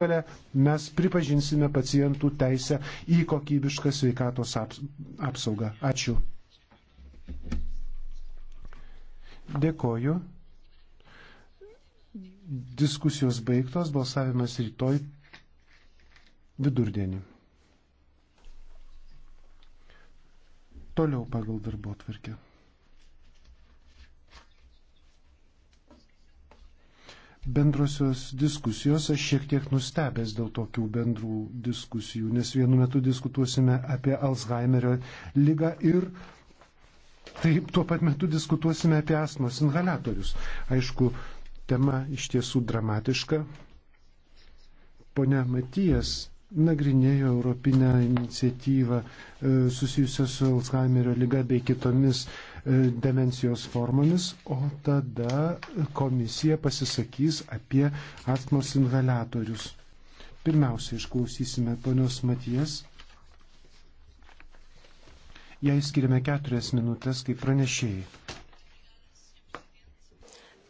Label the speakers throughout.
Speaker 1: galę mes pripažinsime pacientų teisę į kokybišką sveikatos apsaugą. Ačiū. Dėkoju. Diskusijos baigtos, balsavimas rytoj vidurdienį. Toliau pagal darbo atvarkę. bendrosios diskusijos, aš šiek tiek nustebęs dėl tokių bendrų diskusijų, nes vienu metu diskutuosime apie Alzheimerio lygą ir taip tuo pat metu diskutuosime apie astmos inhalatorius. Aišku, tema iš tiesų dramatiška. Pone Matijas nagrinėjo Europinę iniciatyvą e, susijusią su Alzheimerio lyga bei kitomis demencijos formomis, o tada komisija pasisakys apie astmos inhalatorius. Pirmiausia, išklausysime ponios Matijas. Jei skiriame keturias minutės kaip pranešėjai.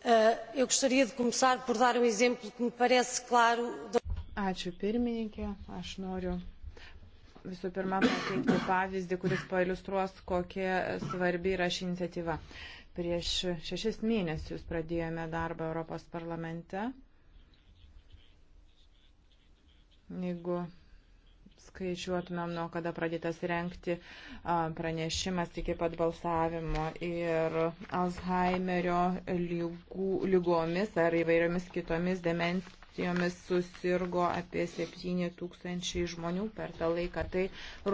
Speaker 2: Eh, um Ačiū pirmininkė, aš noriu visų pirma pateikti pavyzdį, kuris pailustruos, kokia svarbi yra ši iniciatyva. Prieš šešis mėnesius pradėjome darbą Europos parlamente. Jeigu skaičiuotumėm, nuo kada pradėtas renkti pranešimas iki pat balsavimo ir Alzheimerio lygų, lygomis ar įvairiomis kitomis demenc, infekcijomis susirgo apie 7 tūkstančiai žmonių per tą laiką. Tai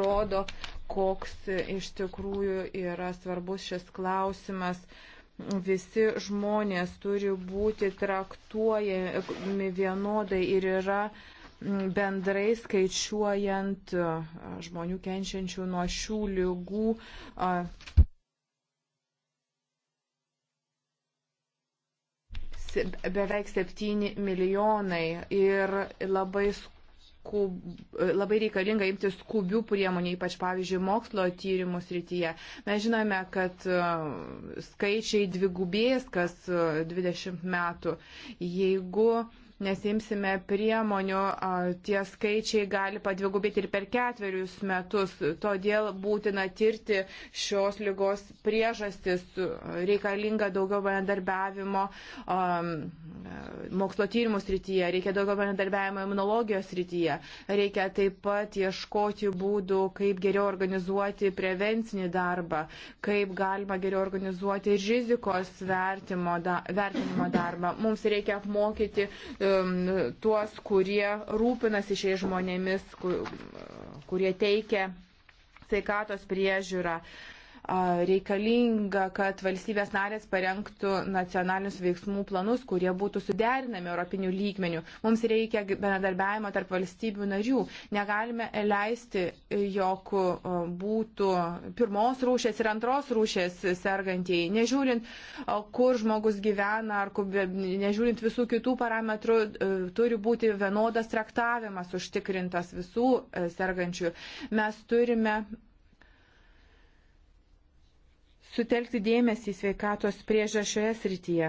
Speaker 2: rodo, koks iš tikrųjų yra svarbus šis klausimas. Visi žmonės turi būti traktuojami vienodai ir yra bendrai skaičiuojant žmonių kenčiančių nuo šių lygų beveik 7 milijonai ir labai skub, labai reikalinga imti skubių priemonių, ypač, pavyzdžiui, mokslo tyrimų srityje. Mes žinome, kad e, skaičiai dvigubės kas 20 e, metų. Jeigu nesimsime priemonių, tie skaičiai gali padvigubėti ir per ketverius metus. Todėl būtina tirti šios lygos priežastis. Reikalinga daugiau bendarbiavimo mokslo tyrimų srityje, reikia daugiau bendarbiavimo imunologijos srityje. Reikia taip pat ieškoti būdų, kaip geriau organizuoti prevencinį darbą, kaip galima geriau organizuoti rizikos vertimo, da, vertinimo darbą. Mums reikia apmokyti uh, Um, tuos, kurie rūpinasi šiais žmonėmis, kurie teikia sveikatos priežiūrą reikalinga, kad valstybės narės parengtų nacionalinius veiksmų planus, kurie būtų suderinami europinių lygmenių. Mums reikia bendradarbiavimo tarp valstybių narių. Negalime leisti, e, jog e, būtų pirmos rūšės ir antros rūšės sergantieji, nežiūrint, kur žmogus gyvena, ar nežiūrint visų kitų parametrų, e, turi būti vienodas traktavimas užtikrintas visų sergančių. Mes turime sutelkti dėmesį į sveikatos priežą šioje srityje.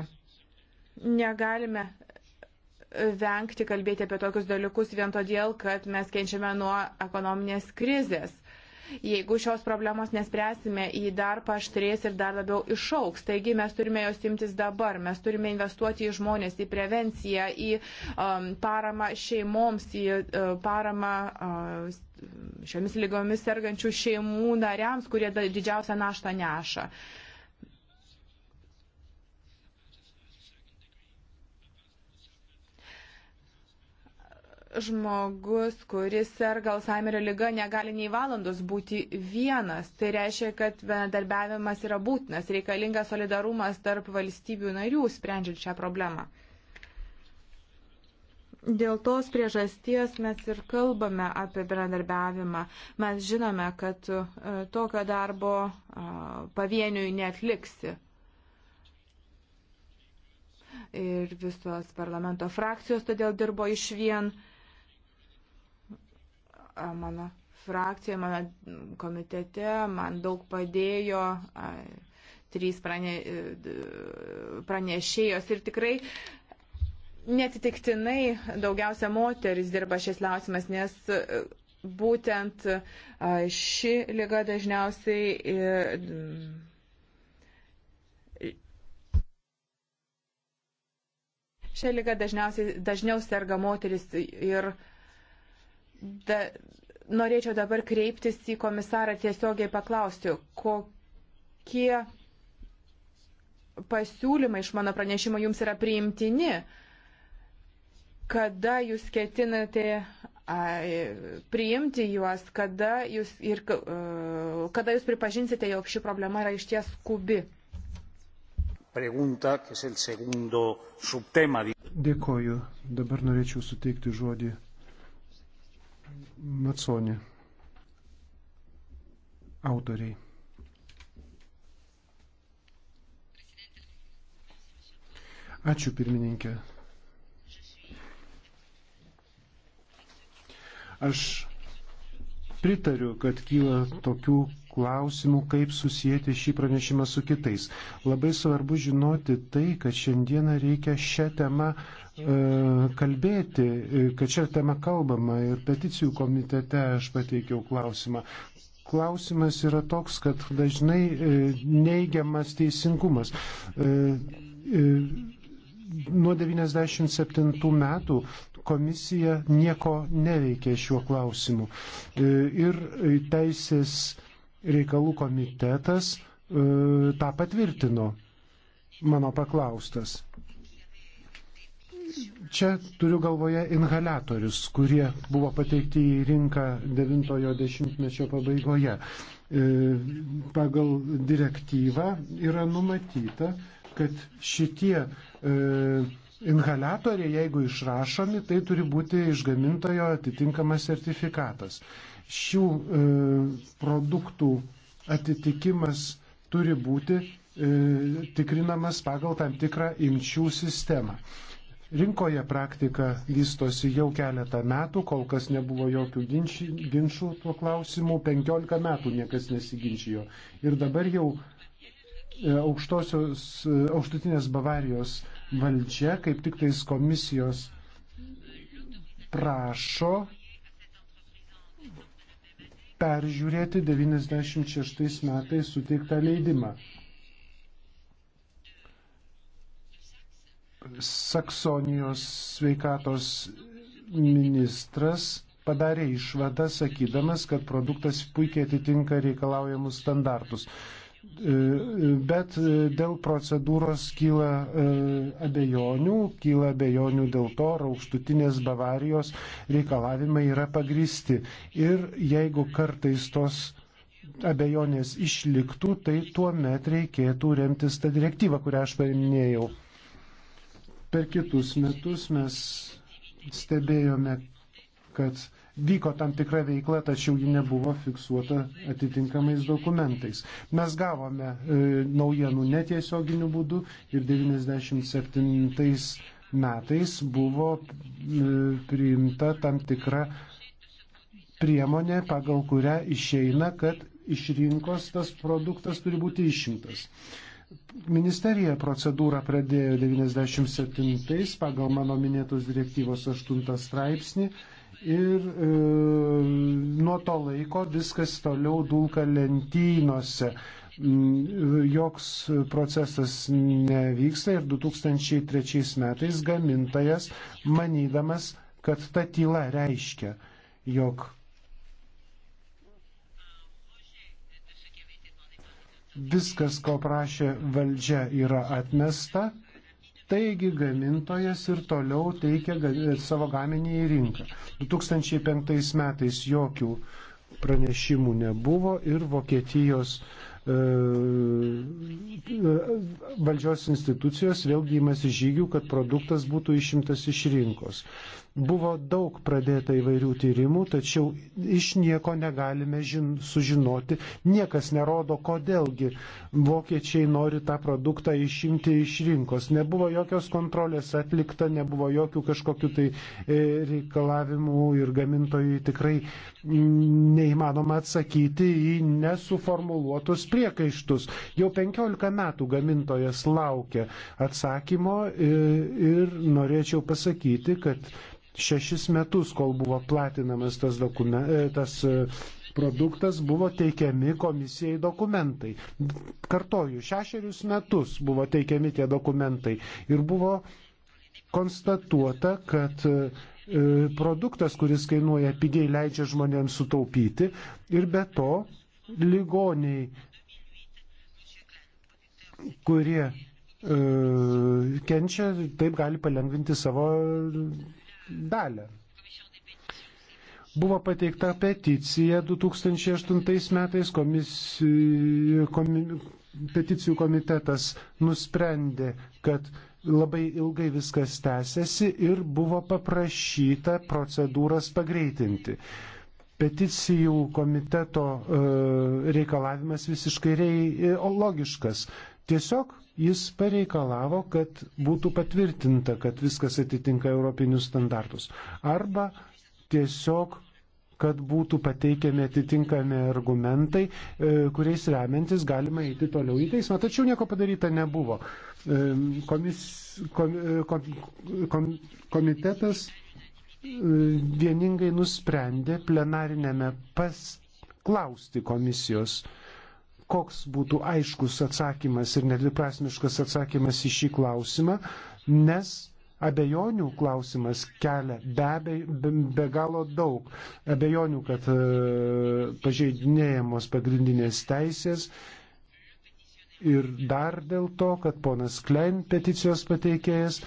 Speaker 2: Negalime e, vengti kalbėti apie tokius dalykus vien todėl, kad mes kenčiame nuo ekonominės krizės. Jeigu šios problemos nespręsime, jį dar paštrės ir dar labiau išauks. Taigi mes turime jos imtis dabar. Mes turime investuoti į žmonės, į prevenciją, į um, paramą šeimoms, į uh, paramą uh, šiomis lygomis sergančių šeimų nariams, kurie didžiausią naštą neša. žmogus, kuris serga Alzheimerio lyga, negali nei valandos būti vienas. Tai reiškia, kad bendarbiavimas yra būtinas, reikalingas solidarumas tarp valstybių narių, sprendžiant šią problemą. Dėl tos priežasties mes ir kalbame apie bendradarbiavimą. Mes žinome, kad e, tokio darbo e, pavieniui netliksi. Ir visos parlamento frakcijos todėl dirbo iš vien. Mano frakcija, mano komitete man daug padėjo trys prane, pranešėjos ir tikrai netitiktinai daugiausia moteris dirba šis klausimas, nes e, būtent e, ši lyga dažniausiai. E, šią lygą dažniausiai dažniau serga moteris ir da, norėčiau dabar kreiptis į komisarą tiesiogiai paklausti, kokie pasiūlymai iš mano pranešimo jums yra priimtini. Uh, kada jūs ketinate priimti juos, kada jūs, ir, kada jūs pripažinsite, jog ši problema yra išties skubi.
Speaker 1: Dėkoju. Dabar norėčiau suteikti žodį Matsonį autoriai. Ačiū pirmininkė. Aš pritariu, kad kyla tokių klausimų, kaip susijęti šį pranešimą su kitais. Labai svarbu žinoti tai, kad šiandieną reikia šią temą e, kalbėti, e, kad šią temą kalbama ir peticijų komitete aš pateikiau klausimą. Klausimas yra toks, kad dažnai e, neigiamas teisingumas. E, e, nuo 97 metų komisija nieko neveikė šiuo klausimu. E, ir e, teisės reikalų komitetas e, tą patvirtino, mano paklaustas. Čia turiu galvoje inhalatorius, kurie buvo pateikti į rinką 90-ojo dešimtmečio pabaigoje. Pagal direktyvą yra numatyta, kad šitie e, Inhalatoriai, jeigu išrašomi, tai turi būti iš gamintojo atitinkamas sertifikatas. Šių e, produktų atitikimas turi būti e, tikrinamas pagal tam tikrą imčių sistemą. Rinkoje praktika vystosi jau keletą metų, kol kas nebuvo jokių ginči, ginčių tuo klausimu, 15 metų niekas nesiginčijo. Ir dabar jau e, aukštosios, e, aukštutinės Bavarijos valdžia kaip tik tais komisijos prašo peržiūrėti 96 metais suteiktą leidimą. Saksonijos sveikatos ministras padarė išvadą, sakydamas, kad produktas puikiai atitinka reikalaujamus standartus bet e, dėl procedūros kyla e, abejonių, kyla abejonių dėl to, ar aukštutinės Bavarijos reikalavimai yra pagristi. Ir jeigu kartais tos abejonės išliktų, tai tuo met reikėtų remtis tą direktyvą, kurią aš paminėjau. Per kitus metus mes stebėjome, kad vyko tam tikra veikla, tačiau ji nebuvo fiksuota atitinkamais dokumentais. Mes gavome e, naujienų netiesioginiu būdu ir 97 metais buvo e, priimta tam tikra priemonė, pagal kurią išeina, kad iš rinkos tas produktas turi būti išimtas. Ministerija procedūrą pradėjo 97-ais pagal mano minėtos direktyvos 8 straipsnį ir e, nuo to laiko viskas toliau dulka lentynose. Mm, joks procesas nevyksta ir 2003 metais gamintojas, manydamas, kad ta tyla reiškia, jog viskas, ko prašė valdžia, yra atmesta Taigi gamintojas ir toliau teikia savo gaminį į rinką. 2005 metais jokių pranešimų nebuvo ir Vokietijos e, e valdžios institucijos vėlgi įmasi žygių, kad produktas būtų išimtas iš rinkos. Buvo daug pradėta įvairių tyrimų, tačiau iš nieko negalime žin, sužinoti. Niekas nerodo, kodėlgi vokiečiai nori tą produktą išimti iš rinkos. Nebuvo jokios kontrolės atlikta, nebuvo jokių kažkokių tai e, reikalavimų ir gamintojai tikrai neįmanoma atsakyti į nesuformuluotus priekaištus. Jau 15 metų gamintojas laukia atsakymo e, ir norėčiau pasakyti, kad Šešis metus, kol buvo platinamas tas, dokumen, e, tas e, produktas, buvo teikiami komisijai dokumentai. Kartoju, šešerius metus buvo teikiami tie dokumentai ir buvo konstatuota, kad e, produktas, kuris kainuoja pigiai, leidžia žmonėms sutaupyti ir be to ligoniai, kurie e, kenčia, taip gali palengvinti savo dalę. Buvo pateikta peticija 2008 metais, komisijų, komi, peticijų komitetas nusprendė, kad labai ilgai viskas tęsiasi ir buvo paprašyta procedūras pagreitinti peticijų komiteto e, reikalavimas visiškai rei, e, logiškas. Tiesiog jis pareikalavo, kad būtų patvirtinta, kad viskas atitinka europinius standartus. Arba tiesiog kad būtų pateikiami atitinkami argumentai, e, kuriais remiantis galima eiti toliau į teismą. Tačiau nieko padaryta nebuvo. E, komis, kom, e, kom, kom, komitetas vieningai nusprendė plenarinėme pas klausti komisijos uh, koks būtų aiškus atsakymas ir nedviprasmiškas atsakymas į šį klausimą, nes abejonių klausimas kelia be, abejo, be, be galo daug. Abejonių, kad e, pažeidinėjamos pagrindinės teisės ir dar dėl to, kad ponas Klein, peticijos pateikėjas,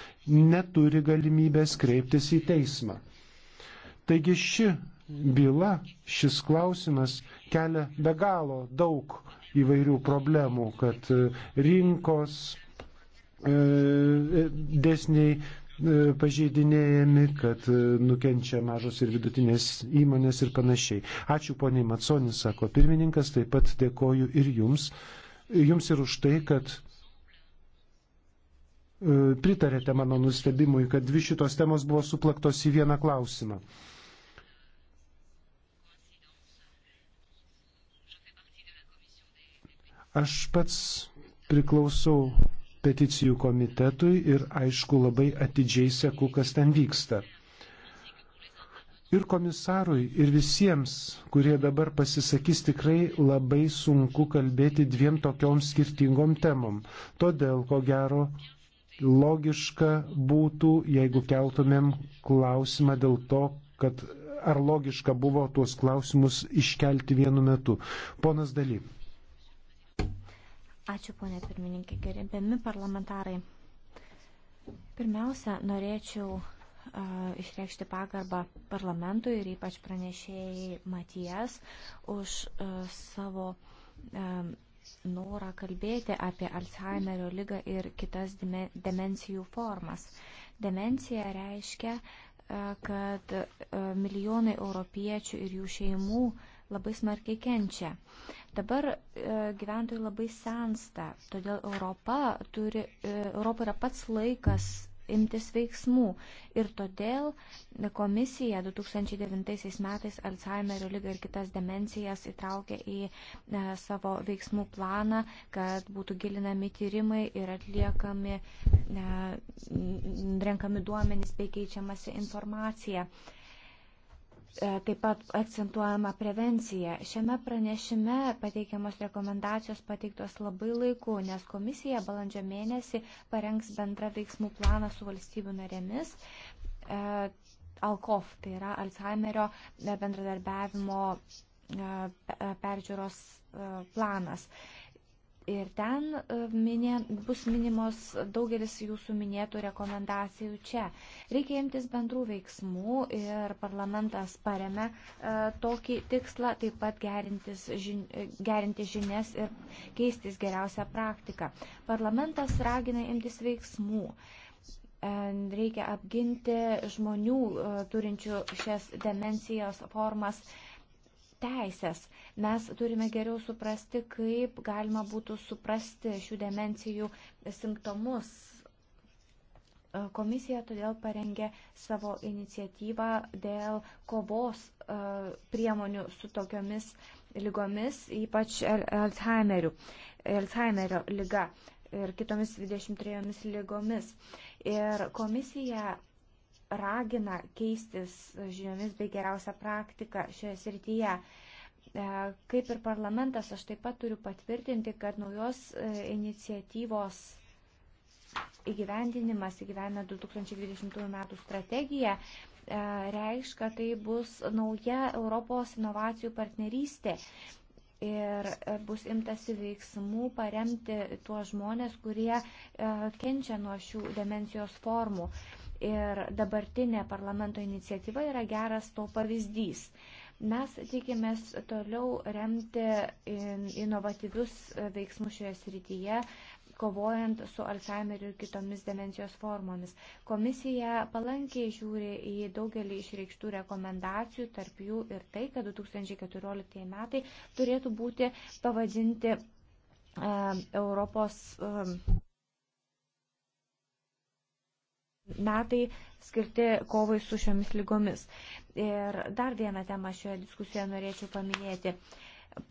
Speaker 1: neturi galimybės kreiptis į teismą. Taigi ši byla, šis klausimas kelia be galo daug įvairių problemų, kad e, rinkos e, e, dėsniai pažeidinėjami, kad nukenčia mažos ir vidutinės įmonės ir panašiai. Ačiū poniai Matsonis, sako pirmininkas, taip pat dėkoju ir jums. Jums ir už tai, kad pritarėte mano nustebimui, kad dvi šitos temos buvo suplaktos į vieną klausimą. Aš pats priklausau peticijų komitetui ir aišku labai atidžiai seku, kas ten vyksta. Ir komisarui, ir visiems, kurie dabar pasisakys, tikrai labai sunku kalbėti dviem tokiom skirtingom temom. Todėl, ko gero, logiška būtų, jeigu keltumėm klausimą dėl to, kad ar logiška buvo tuos klausimus iškelti vienu metu. Ponas Daly.
Speaker 3: Ačiū, ponė pirmininkė, gerbiami parlamentarai. Pirmiausia, norėčiau išreikšti pagarbą parlamentui ir ypač pranešėjai Matijas už savo norą kalbėti apie Alzheimerio lygą ir kitas demencijų formas. Demencija reiškia, kad milijonai europiečių ir jų šeimų labai smarkiai kenčia. Dabar e, gyventojai labai sensta, todėl Europa, turi, e, Europa yra pats laikas imtis veiksmų. Ir todėl komisija 2009 metais Alzheimerio lygą ir kitas demencijas įtraukė į e, savo veiksmų planą, kad būtų gilinami tyrimai ir atliekami, renkami duomenys bei keičiamasi informacija. E, taip pat akcentuojama prevencija. Šiame pranešime pateikiamos rekomendacijos pateiktos labai laiku, nes komisija balandžio mėnesį parengs bendrą veiksmų planą su valstybių narėmis. E, ALKOF, tai yra Alzheimerio bendradarbiavimo e, peržiūros planas. Ir ten e, minė, bus minimos daugelis jūsų minėtų rekomendacijų čia. Reikia imtis bendrų veiksmų ir parlamentas paremė e, tokį tikslą, taip pat žin, e, gerinti žinias ir keistis geriausią praktiką. Parlamentas ragina imtis veiksmų. E, reikia apginti žmonių e, turinčių šias demencijos formas teisės. Mes turime geriau suprasti, kaip galima būtų suprasti šių demencijų simptomus. E, komisija todėl parengė savo iniciatyvą dėl kovos e, priemonių su tokiomis lygomis, ypač Alzheimerio lyga ir kitomis 23 lygomis. Ir komisija ragina keistis žiniomis bei geriausią praktiką šioje srityje. E, kaip ir parlamentas, aš taip pat turiu patvirtinti, kad naujos e, iniciatyvos įgyvendinimas įgyvendina 2020 m. strategiją e, reiš, kad tai bus nauja Europos inovacijų partnerystė. Ir bus imtasi veiksmų paremti tuos žmonės, kurie kenčia nuo šių demencijos formų. E, Ir dabartinė parlamento iniciatyva yra geras to pavyzdys. Mes tikimės toliau remti inovatyvius veiksmus šioje srityje, kovojant su Alzheimeriu ir kitomis demencijos formomis. Komisija palankiai žiūri į daugelį išreikštų rekomendacijų, tarp jų ir tai, kad 2014 metai turėtų būti pavadinti uh, Europos. Uh, metai skirti kovai su šiomis lygomis. Ir dar vieną temą šioje diskusijoje norėčiau paminėti.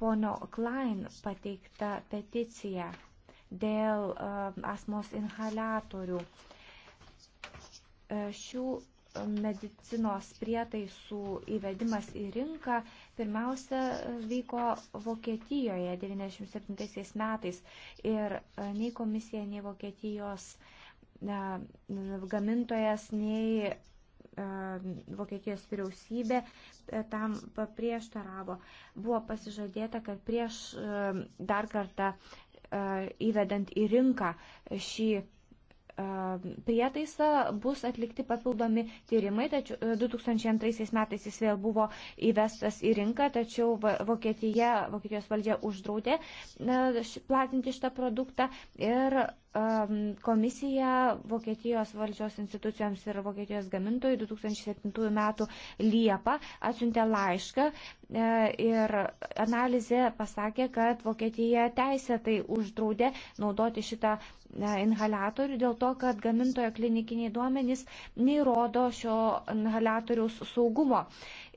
Speaker 3: Pono Klein pateikta peticija dėl uh, asmos inhalatorių. Uh, šių medicinos prietaisų įvedimas į rinką pirmiausia vyko Vokietijoje 1997 metais ir uh, nei komisija, nei Vokietijos uh, gamintojas, nei e, Vokietijos vyriausybė e, tam paprieštaravo. Buvo pasižadėta, kad prieš e, dar kartą įvedant į rinką šį prietaisą bus atlikti papildomi tyrimai, tačiau 2002 metais jis vėl buvo įvestas į rinką, tačiau Vokietija, Vokietijos valdžia uždraudė platinti šitą produktą ir komisija Vokietijos valdžios institucijoms ir Vokietijos gamintojai 2007 metų Liepą atsiuntė laišką e, ir analizė pasakė, kad Vokietija teisėtai uždraudė naudoti šitą e, inhalatorių dėl to, kad gamintojo klinikiniai duomenys neįrodo šio inhalatoriaus saugumo.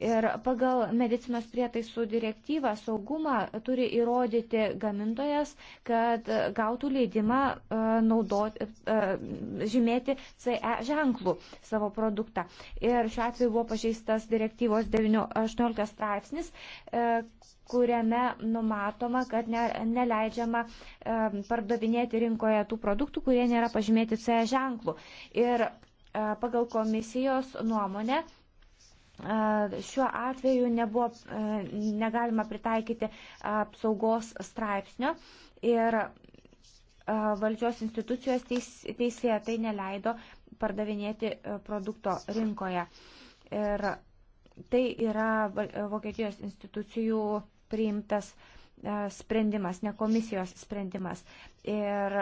Speaker 3: Ir pagal medicinos prietaisų direktyvą saugumą turi įrodyti gamintojas, kad gautų leidimą e, naudoti, e, e, žymėti CE ženklų savo produktą. Ir šiuo atveju buvo pažeistas direktyvos 18 straipsnis kuriame numatoma, kad ne, neleidžiama e, pardavinėti rinkoje tų produktų, kurie nėra pažymėti CE ženklų. Ir e, pagal komisijos nuomonę e, šiuo atveju nebuvo, negalima pritaikyti apsaugos straipsnio ir valdžios institucijos teis, teisėje tai neleido pardavinėti produkto rinkoje. Ir tai yra Vokietijos institucijų priimtas sprendimas, ne komisijos sprendimas. Ir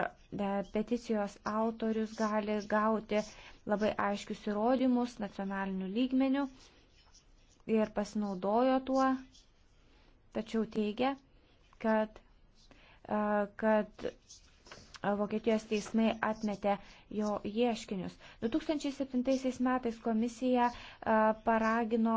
Speaker 3: peticijos autorius gali gauti labai aiškius įrodymus nacionalinių lygmenių ir pasinaudojo tuo, tačiau teigia, kad, kad Vokietijos teismai atmetė jo ieškinius. 2007 metais komisija paragino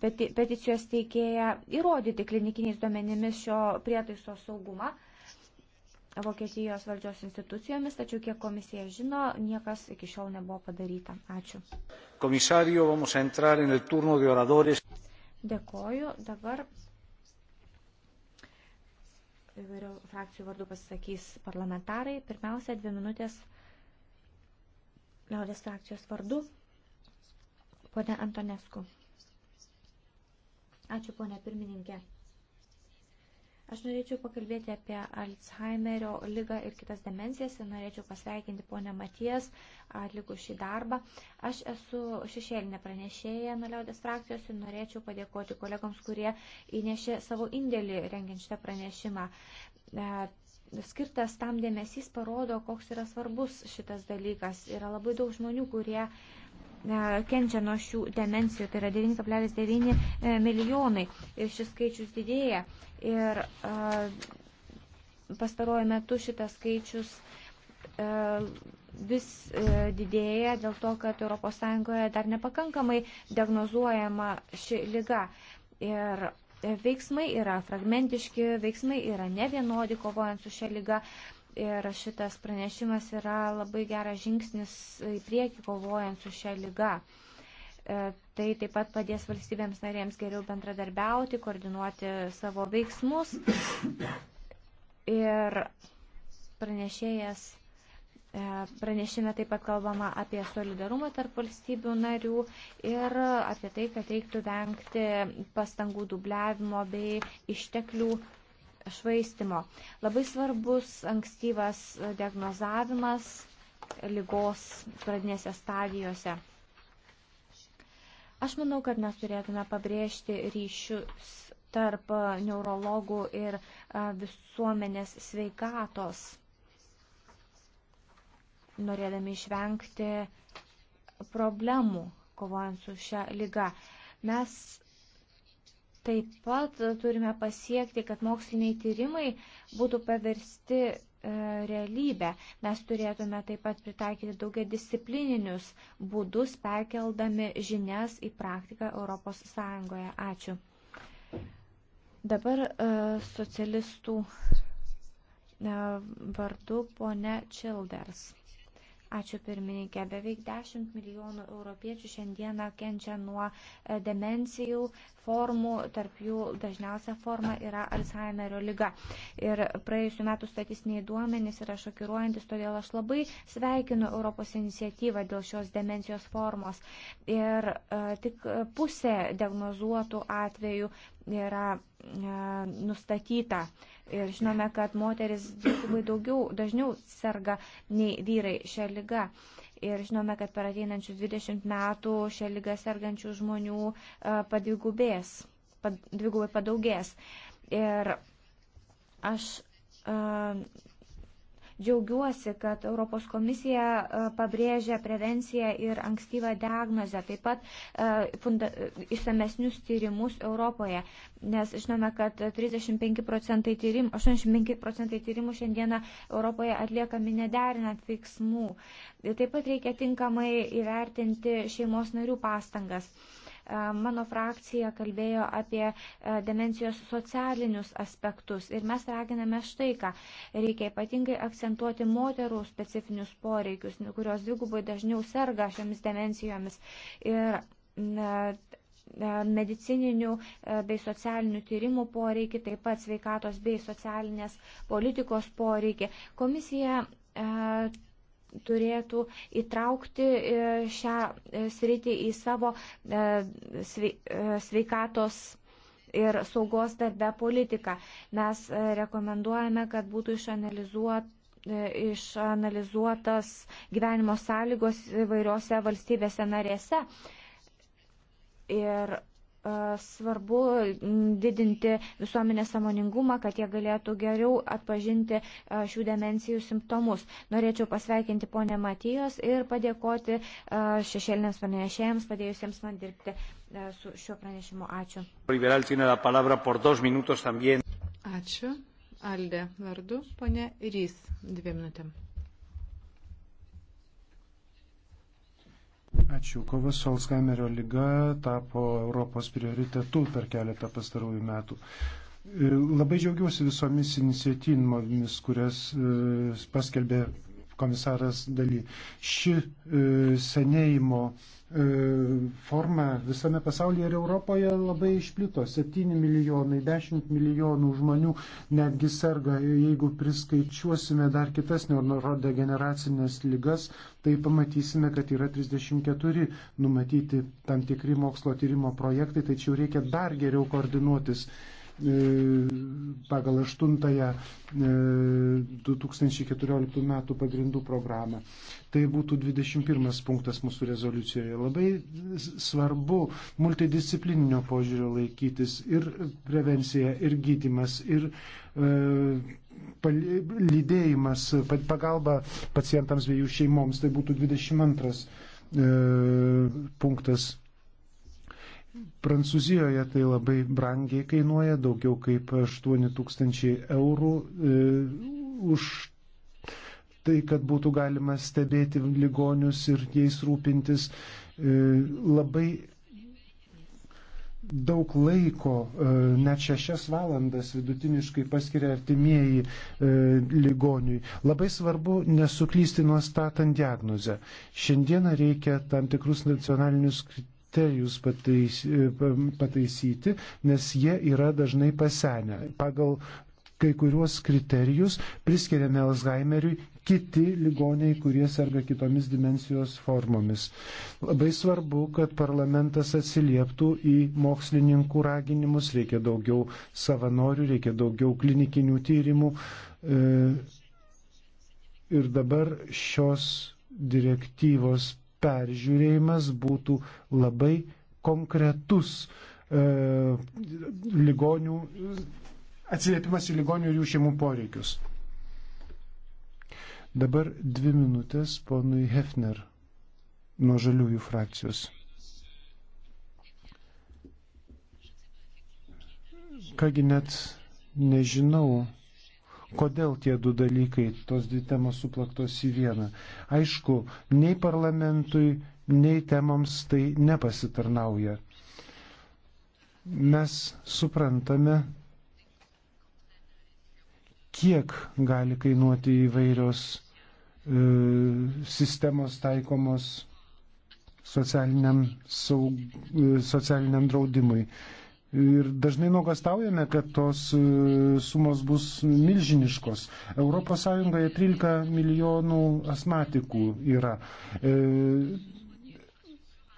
Speaker 3: peticijos teikėja įrodyti klinikiniais duomenimis šio prietaiso saugumą Vokietijos valdžios institucijomis, tačiau kiek komisija žino, niekas iki šiol nebuvo padaryta. Ačiū.
Speaker 1: Komisario, vamos a entrar en el turno de oradores.
Speaker 3: Dėkoju. Dabar įvairių frakcijų vardų pasisakys parlamentarai. Pirmiausia, dvi minutės liaudės frakcijos vardu. Pone Antonesku. Ačiū, ponė pirmininkė. Aš norėčiau pakalbėti apie Alzheimerio lygą ir kitas demencijas ir norėčiau pasveikinti ponę Maties atlikus šį darbą. Aš esu šešėlinė pranešėja nuo liaudės frakcijos ir norėčiau padėkoti kolegoms, kurie įnešė savo indėlį rengiant šitą pranešimą. E, skirtas tam dėmesys parodo, koks yra svarbus šitas dalykas. Yra labai daug žmonių, kurie uh, E, kenčia nuo šių demencijų, tai yra 9,9 e, milijonai ir šis skaičius didėja. Ir e, pastaruoju metu šitas skaičius vis didėja dėl to, kad ES dar nepakankamai diagnozuojama ši lyga. Ir veiksmai yra fragmentiški, veiksmai yra nevienodi kovojant su šia lyga. Ir šitas pranešimas yra labai geras žingsnis į priekį kovojant su šia lyga. E, tai taip pat padės valstybėms narėms geriau bendradarbiauti, koordinuoti savo veiksmus. Ir pranešėjas e, Pranešime taip pat kalbama apie solidarumą tarp valstybių narių ir apie tai, kad reiktų vengti pastangų dubliavimo bei išteklių švaistimo. Labai svarbus ankstyvas diagnozavimas lygos pradinėse stadijose. Aš manau, kad mes turėtume pabrėžti ryšius tarp neurologų ir visuomenės sveikatos, norėdami išvengti problemų kovojant su šią lygą. Mes Taip pat turime pasiekti, kad moksliniai tyrimai būtų paversti e, realybę. Mes turėtume taip pat pritaikyti daugia disciplininius būdus, perkeldami žinias į praktiką ES. Ačiū. Dabar e, socialistų e, vardu pone Childers. Ačiū pirmininkė. Beveik 10 milijonų europiečių šiandieną kenčia nuo e, demencijų formų, tarp jų dažniausia forma yra Alzheimerio lyga. Ir praėjusiu metu statistiniai duomenys yra šokiruojantis, todėl aš labai sveikinu Europos iniciatyvą dėl šios demencijos formos. Ir e, tik pusė diagnozuotų atvejų yra e, nustatyta. E, Ir žinome, kad moteris dvigubai daugiau, dažniau serga nei vyrai šią lygą. Ir žinome, kad per ateinančius 20 metų šią lygą sergančių žmonių e, padvigubės, pad, dvigubai padaugės. Ir aš uh, Džiaugiuosi, kad Europos komisija e, pabrėžia prevenciją ir ankstyvą diagnozę, taip pat e, funda, išsamesnius tyrimus Europoje, nes žinome, kad 35 procentai tyrimų, 85 procentai tyrimų šiandieną Europoje atliekami nederinant veiksmų. Taip pat reikia tinkamai įvertinti šeimos narių pastangas. Mano frakcija kalbėjo apie demencijos socialinius aspektus ir mes raginame štai ką. Reikia ypatingai akcentuoti moterų specifinius poreikius, kurios dvigubai dažniau serga šiomis demencijomis. Ir, medicininių bei socialinių tyrimų poreikį, taip pat sveikatos bei socialinės politikos poreikį. Komisija turėtų įtraukti e, šią e, sritį į savo e, sveikatos ir saugos darbe politiką. Mes rekomenduojame, kad būtų išanalizuota išanalizuotas gyvenimo sąlygos įvairiose valstybėse narėse. Ir E, svarbu didinti visuomenės samoningumą, kad jie galėtų geriau atpažinti e, šių demencijų simptomus. Norėčiau pasveikinti ponę Matijos ir padėkoti e, šešėlinėms pranešėjams, padėjusiems man dirbti su šiuo pranešimu. Ačiū.
Speaker 2: Ačiū. Aldė vardu, ponė Rys, dviem minutėm.
Speaker 4: Ačiū.
Speaker 1: Kova su Alzheimerio lyga tapo Europos prioritetu per keletą pastarųjų metų. E, labai džiaugiuosi visomis iniciatyvomis, kurias e, paskelbė komisaras daly. Ši e, senėjimo e, forma visame pasaulyje ir Europoje labai išplito. 7 milijonai, 10 milijonų žmonių netgi serga. Jeigu priskaičiuosime dar kitas neurodegeneracinės lygas, tai pamatysime, kad yra 34 numatyti tam tikri mokslo tyrimo projektai, tačiau reikia dar geriau koordinuotis. E, pagal 8 2014 e, metų pagrindų programą. Tai būtų 21 punktas mūsų rezoliucijoje. Labai svarbu multidisciplininio požiūrio laikytis ir prevencija, ir gydimas, ir e, lydėjimas, pagalba pacientams bei jų šeimoms. Tai būtų 22 punktas Prancūzijoje tai labai brangiai kainuoja, daugiau kaip 8 tūkstančiai eurų e, už tai, kad būtų galima stebėti ligonius ir jais rūpintis. E, labai daug laiko, e, net šešias valandas vidutiniškai paskiria artimieji e, ligoniui. Labai svarbu nesuklysti nuostatant diagnozę. Šiandieną reikia tam tikrus nacionalinius kriterijus galite jūs pataisyti, nes jie yra dažnai pasenę. Pagal kai kuriuos kriterijus priskiriame Alzheimeriui kiti ligoniai, kurie serga kitomis dimensijos formomis. Labai svarbu, kad parlamentas atsilieptų į mokslininkų raginimus, reikia daugiau savanorių, reikia daugiau klinikinių tyrimų. E, ir dabar šios direktyvos peržiūrėjimas būtų labai konkretus e, ligonių, atsiliepimas į ligonių ir jų šeimų poreikius. Dabar dvi minutės ponui Hefner nuo žaliųjų frakcijos. Kągi net nežinau, Kodėl tie du dalykai, tos dvi temos suplaktos į vieną? Aišku, nei parlamentui, nei temoms tai nepasitarnauja. Mes suprantame, kiek gali kainuoti įvairios e, sistemos taikomos socialiniam, saug, e, socialiniam draudimui. Ir dažnai nuogastaujame, kad tos e, sumos bus milžiniškos. ES 13 milijonų asmatikų yra. E,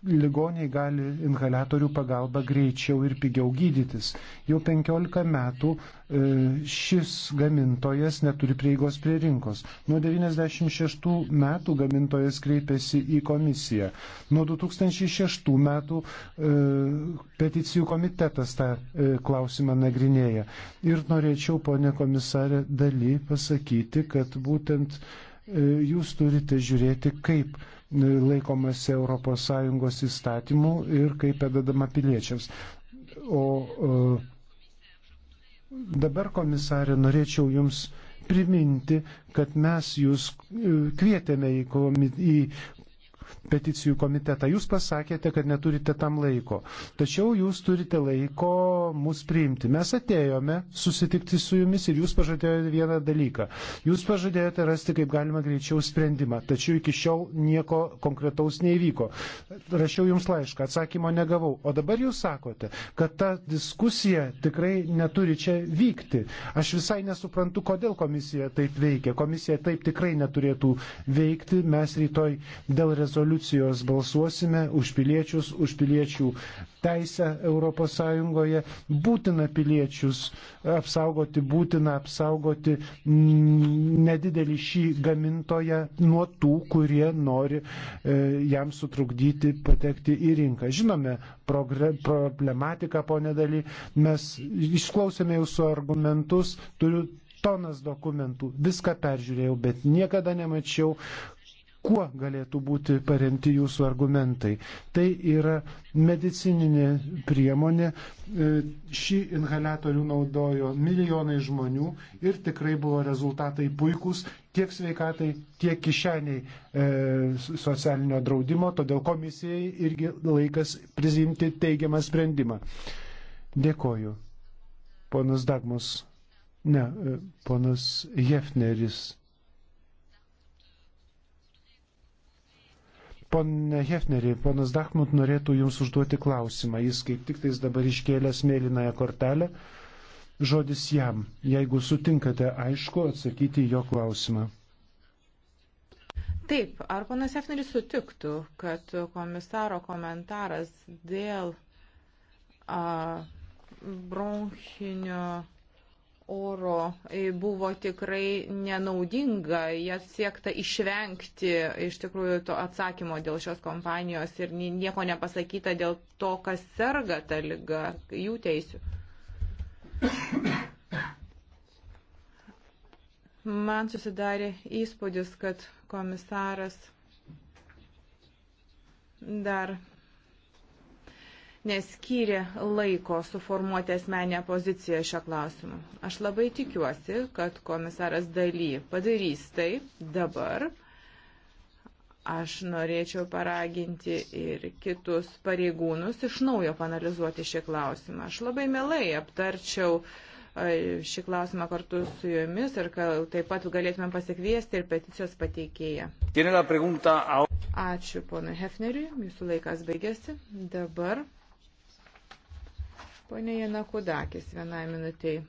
Speaker 1: ligoniai gali inhalatorių pagalba greičiau ir pigiau gydytis. Jau 15 metų e, šis gamintojas neturi prieigos prie rinkos. Nuo 1996 metų gamintojas kreipėsi į komisiją. Nuo 2006 metų e, peticijų komitetas tą e, klausimą nagrinėja. Ir norėčiau, ponė komisarė, daly pasakyti, kad būtent jūs turite žiūrėti, kaip laikomasi ES įstatymų ir kaip padedama piliečiams. O e, dabar, komisarė, norėčiau Jums priminti, kad mes Jūs e, kvietėme į peticijų komitetą. Jūs pasakėte, kad neturite tam laiko. Tačiau jūs turite laiko mus priimti. Mes atėjome susitikti su jumis ir jūs pažadėjote vieną dalyką. Jūs pažadėjote rasti kaip galima greičiau sprendimą. Tačiau iki šiol nieko konkretaus neįvyko. Rašiau jums laišką, atsakymo negavau. O dabar jūs sakote, kad ta diskusija tikrai neturi čia vykti. Aš visai nesuprantu, kodėl komisija taip veikia. Komisija taip tikrai neturėtų veikti. Mes rytoj dėl rezultatų rezoliucijos balsuosime už piliečius, už piliečių teisę ES. Būtina piliečius apsaugoti, būtina apsaugoti nedidelį šį gamintoją nuo tų, kurie nori e, jam sutrukdyti patekti į rinką. Žinome problematiką, ponė daly, mes išklausėme jūsų argumentus, turiu tonas dokumentų, viską peržiūrėjau, bet niekada nemačiau kuo galėtų būti paremti jūsų argumentai. Tai yra medicininė priemonė. E, Šį inhalatorių naudojo milijonai žmonių ir tikrai buvo rezultatai puikūs tiek sveikatai, tiek kišeniai e, socialinio draudimo, todėl komisijai irgi laikas prisimti teigiamą sprendimą. Dėkoju. Ponas Dagmus. Ne, e, ponas Jefneris Pone Hefneri, ponas Dachmut norėtų Jums užduoti klausimą. Jis kaip tik tais dabar iškėlęs mėlynąją kortelę. Žodis jam, jeigu sutinkate, aišku, atsakyti jo klausimą.
Speaker 2: Taip, ar ponas Hefneris sutiktų, kad komisaro komentaras dėl a, bronchinio oro e, buvo tikrai nenaudinga, jas siekta išvengti iš tikrųjų to atsakymo dėl šios kompanijos ir nieko nepasakyta dėl to, kas serga tą lygą, jų teisių. Man susidarė įspūdis, kad komisaras dar neskyrė laiko suformuoti asmenę poziciją šio klausimu. Aš labai tikiuosi, kad komisaras daly padarys tai dabar. Aš norėčiau paraginti ir kitus pareigūnus iš naujo panalizuoti šį klausimą. Aš labai mielai aptarčiau e, šį klausimą kartu su jumis ir taip pat galėtumėm pasikviesti ir peticijos pateikėją. Ačiū ponui Hefneriui, jūsų laikas baigėsi. Dabar Pone Janakudakis, vienai minutiai.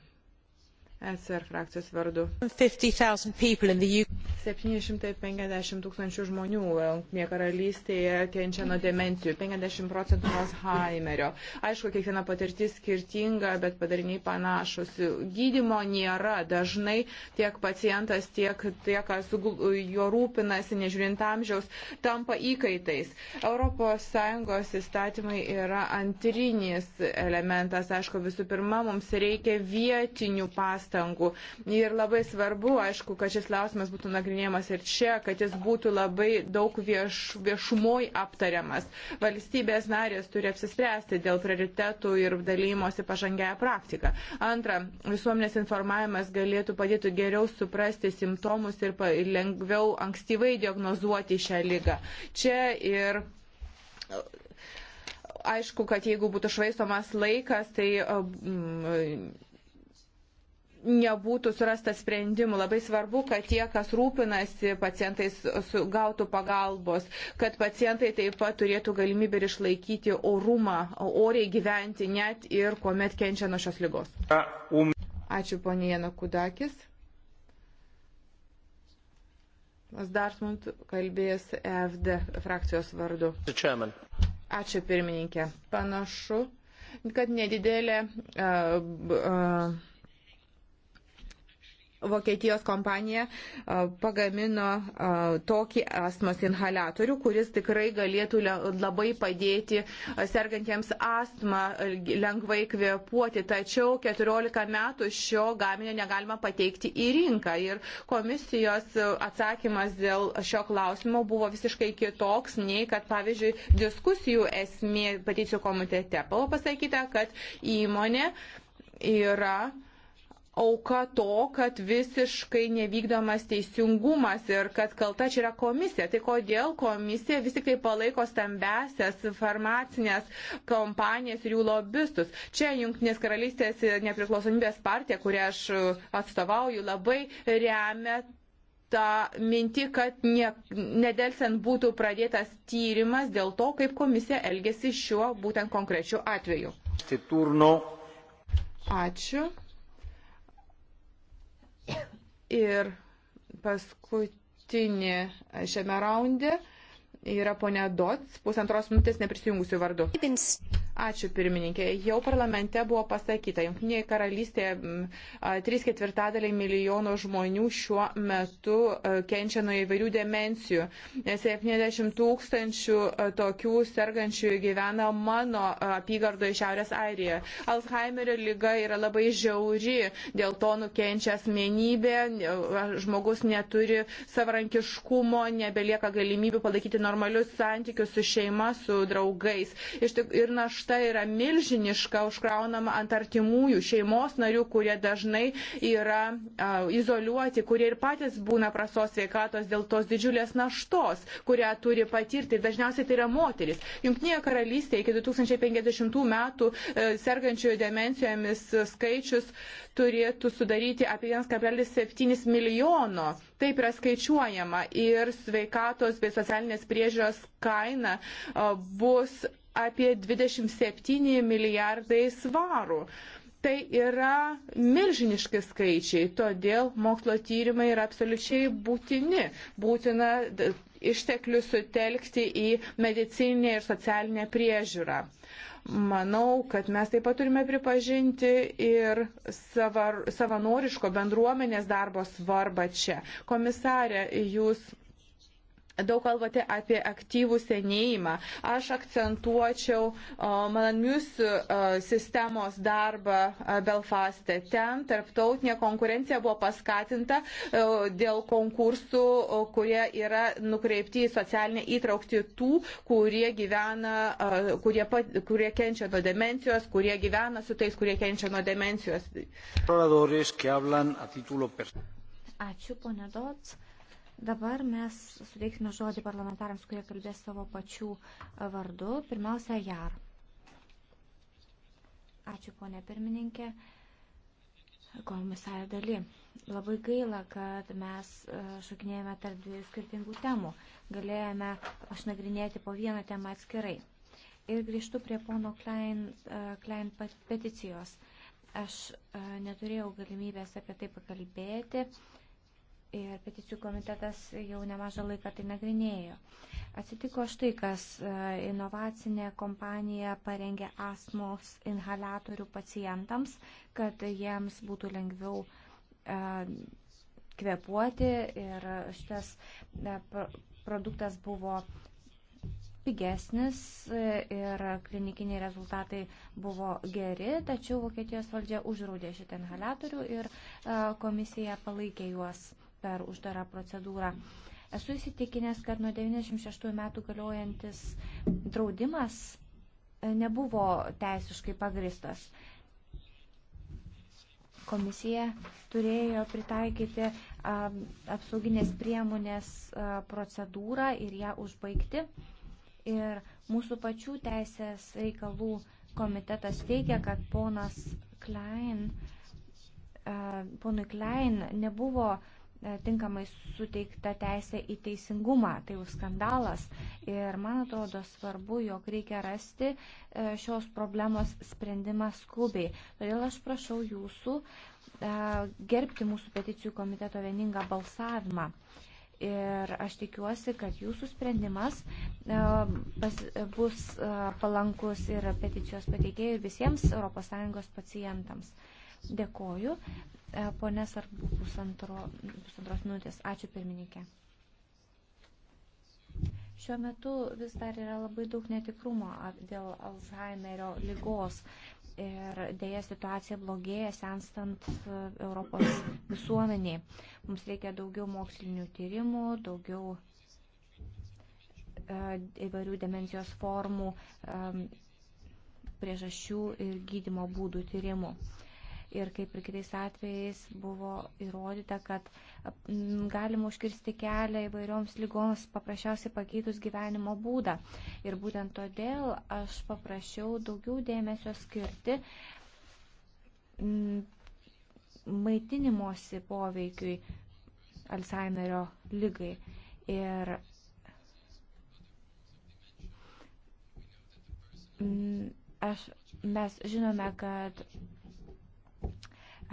Speaker 2: ECR frakcijos vardu. 750 tūkstančių žmonių Junktinėje karalystėje kenčia nuo demencijų, 50 procentų Alzheimerio. Aišku, kiekviena patirtis skirtinga, bet padariniai panašus. Gydimo nėra. Dažnai tiek pacientas, tiek tie, kas jo rūpinasi, nežiūrint amžiaus, tampa įkaitais. ES įstatymai yra antrinis elementas. Aišku, visų pirma, mums reikia vietinių paslaugų pastangų. Ir labai svarbu, aišku, kad šis klausimas būtų nagrinėjamas ir čia, kad jis būtų labai daug vieš, viešumoj aptariamas. Valstybės narės turi apsispręsti dėl prioritetų ir dalymosi pažangiają praktiką. Antra, visuomenės informavimas galėtų padėti geriau suprasti simptomus ir lengviau ankstyvai diagnozuoti šią lygą. Čia ir aišku, kad jeigu būtų švaistomas laikas, tai nebūtų surasta sprendimų. Labai svarbu, kad tie, kas rūpinasi pacientais, gautų pagalbos, kad pacientai taip pat turėtų galimybę ir išlaikyti orumą, oriai gyventi, net ir kuomet kenčia nuo šios lygos. Ačiū, ponė Jena Kudakis. Dartmund kalbės EFD frakcijos vardu. Ačiū pirmininkė. Panašu, kad nedidelė. Uh, uh, Vokietijos kompanija pagamino tokį astmos inhalatorių, kuris tikrai galėtų labai padėti sergantiems astmą lengvai kvepuoti. Tačiau 14 metų šio gaminio negalima pateikti į rinką. Ir komisijos atsakymas dėl šio klausimo buvo visiškai kitoks, nei kad, pavyzdžiui, diskusijų esmė peticijų komitete. Buvo pasakyta, kad įmonė yra auka to, kad visiškai nevykdomas teisingumas ir kad kalta čia yra komisija. Tai kodėl komisija vis tik tai palaiko stambesias farmacinės kompanijas ir jų lobistus? Čia Junktinės karalystės nepriklausomybės partija, kurią aš atstovauju, labai remia ta minti, kad ne, nedelsiant būtų pradėtas tyrimas dėl to, kaip komisija elgesi šiuo būtent konkrečiu atveju. Ačiū. Ir paskutinė šiame raunde yra ponia Dots, pusantros minutės neprisijungusių vardu. Ačiū pirmininkė. Jau parlamente buvo pasakyta, Junktinėje karalystėje 3 ketvirtadaliai milijono žmonių šiuo metu kenčia nuo įvairių demencijų. 70 tūkstančių tokių sergančių gyvena mano apygardoje Šiaurės Airijoje. Alzheimerio lyga yra labai žiauri, dėl to nukenčia asmenybė, žmogus neturi savarankiškumo, nebelieka galimybių palaikyti normalius santykius su šeima, su draugais. Iš tik, ir našta našta yra milžiniška užkraunama ant artimųjų, šeimos narių, kurie dažnai yra a, izoliuoti, kurie ir patys būna prasos sveikatos dėl tos didžiulės naštos, kurią turi patirti. Dažniausiai tai yra moteris. Junktinėje karalystėje iki 2050 metų e, sergančiųjų demencijomis skaičius turėtų sudaryti apie 1,7 milijono. Taip yra skaičiuojama ir sveikatos bei socialinės priežios kaina bus apie 27 milijardai svarų. Tai yra milžiniški skaičiai, todėl mokslo tyrimai yra absoliučiai būtini. Būtina išteklius sutelkti į medicinę ir socialinę priežiūrą. Manau, kad mes taip pat turime pripažinti ir savar, savanoriško bendruomenės darbo svarbą čia. Komisarė, jūs daug kalbate apie aktyvų senėjimą. Aš akcentuočiau uh, Malanmius uh, sistemos darbą uh, Belfaste. Ten tarptautinė konkurencija buvo paskatinta dėl konkursų, kurie yra nukreipti į socialinę įtraukti tų, kurie gyvena, kurie, kurie kenčia nuo demencijos, kurie gyvena su tais, kurie kenčia nuo demencijos.
Speaker 3: Ačiū, ponė Dots. Dabar mes suteiksime žodį parlamentarams, kurie kalbės savo pačių vardu. Pirmiausia, JAR. Ačiū, ponė pirmininkė. Komisarė Dali. Labai gaila, kad mes e, šokinėjame tarp dviejų skirtingų temų. Galėjome išnagrinėti po vieną temą atskirai. Ir grįžtu prie pono Klein, e, Klein peticijos. Aš e, neturėjau galimybės apie tai pakalbėti ir peticijų komitetas jau nemažą laiką tai nagrinėjo. Atsitiko štai, kas e, inovacinė kompanija parengė asmos inhalatorių pacientams, kad jiems būtų lengviau e, kvepuoti ir šitas e, produktas buvo pigesnis ir klinikiniai rezultatai buvo geri, tačiau Vokietijos valdžia uždraudė šitą inhalatorių ir komisija palaikė juos per uždarą procedūrą. Esu įsitikinęs, kad nuo 96 metų galiojantis draudimas e, nebuvo teisiškai pagristas. Komisija turėjo pritaikyti apsauginės priemonės procedūrą ir ją užbaigti. Ir mūsų pačių teisės reikalų komitetas teigia, kad ponas Klein, ponui Klein nebuvo uh, E, tinkamai suteikta teisė į teisingumą. Tai jau skandalas. Ir man atrodo svarbu, jog reikia rasti e, šios problemos sprendimą skubiai. Todėl aš prašau jūsų e, gerbti mūsų peticijų komiteto vieningą balsavimą. Ir aš tikiuosi, kad jūsų sprendimas bus palankus ir peticijos pateikėjai ir visiems ES pacientams. Dėkoju. E, Ponės ar pusantro, pusantros minutės. Ačiū pirmininkė. Šiuo metu vis dar yra labai daug netikrumo dėl Alzheimerio lygos ir dėja situacija blogėja senstant e, Europos visuomeniai. Mums reikia daugiau mokslinių tyrimų, daugiau e, įvairių demencijos formų, priežasčių ir gydimo būdų tyrimų ir kaip ir kitais atvejais buvo įrodyta, kad galima užkirsti kelią įvairioms lygoms paprasčiausiai pakeitus gyvenimo būdą. Ir būtent todėl aš paprašiau daugiau dėmesio skirti maitinimosi poveikiui Alzheimerio lygai. Ir aš, mes žinome, kad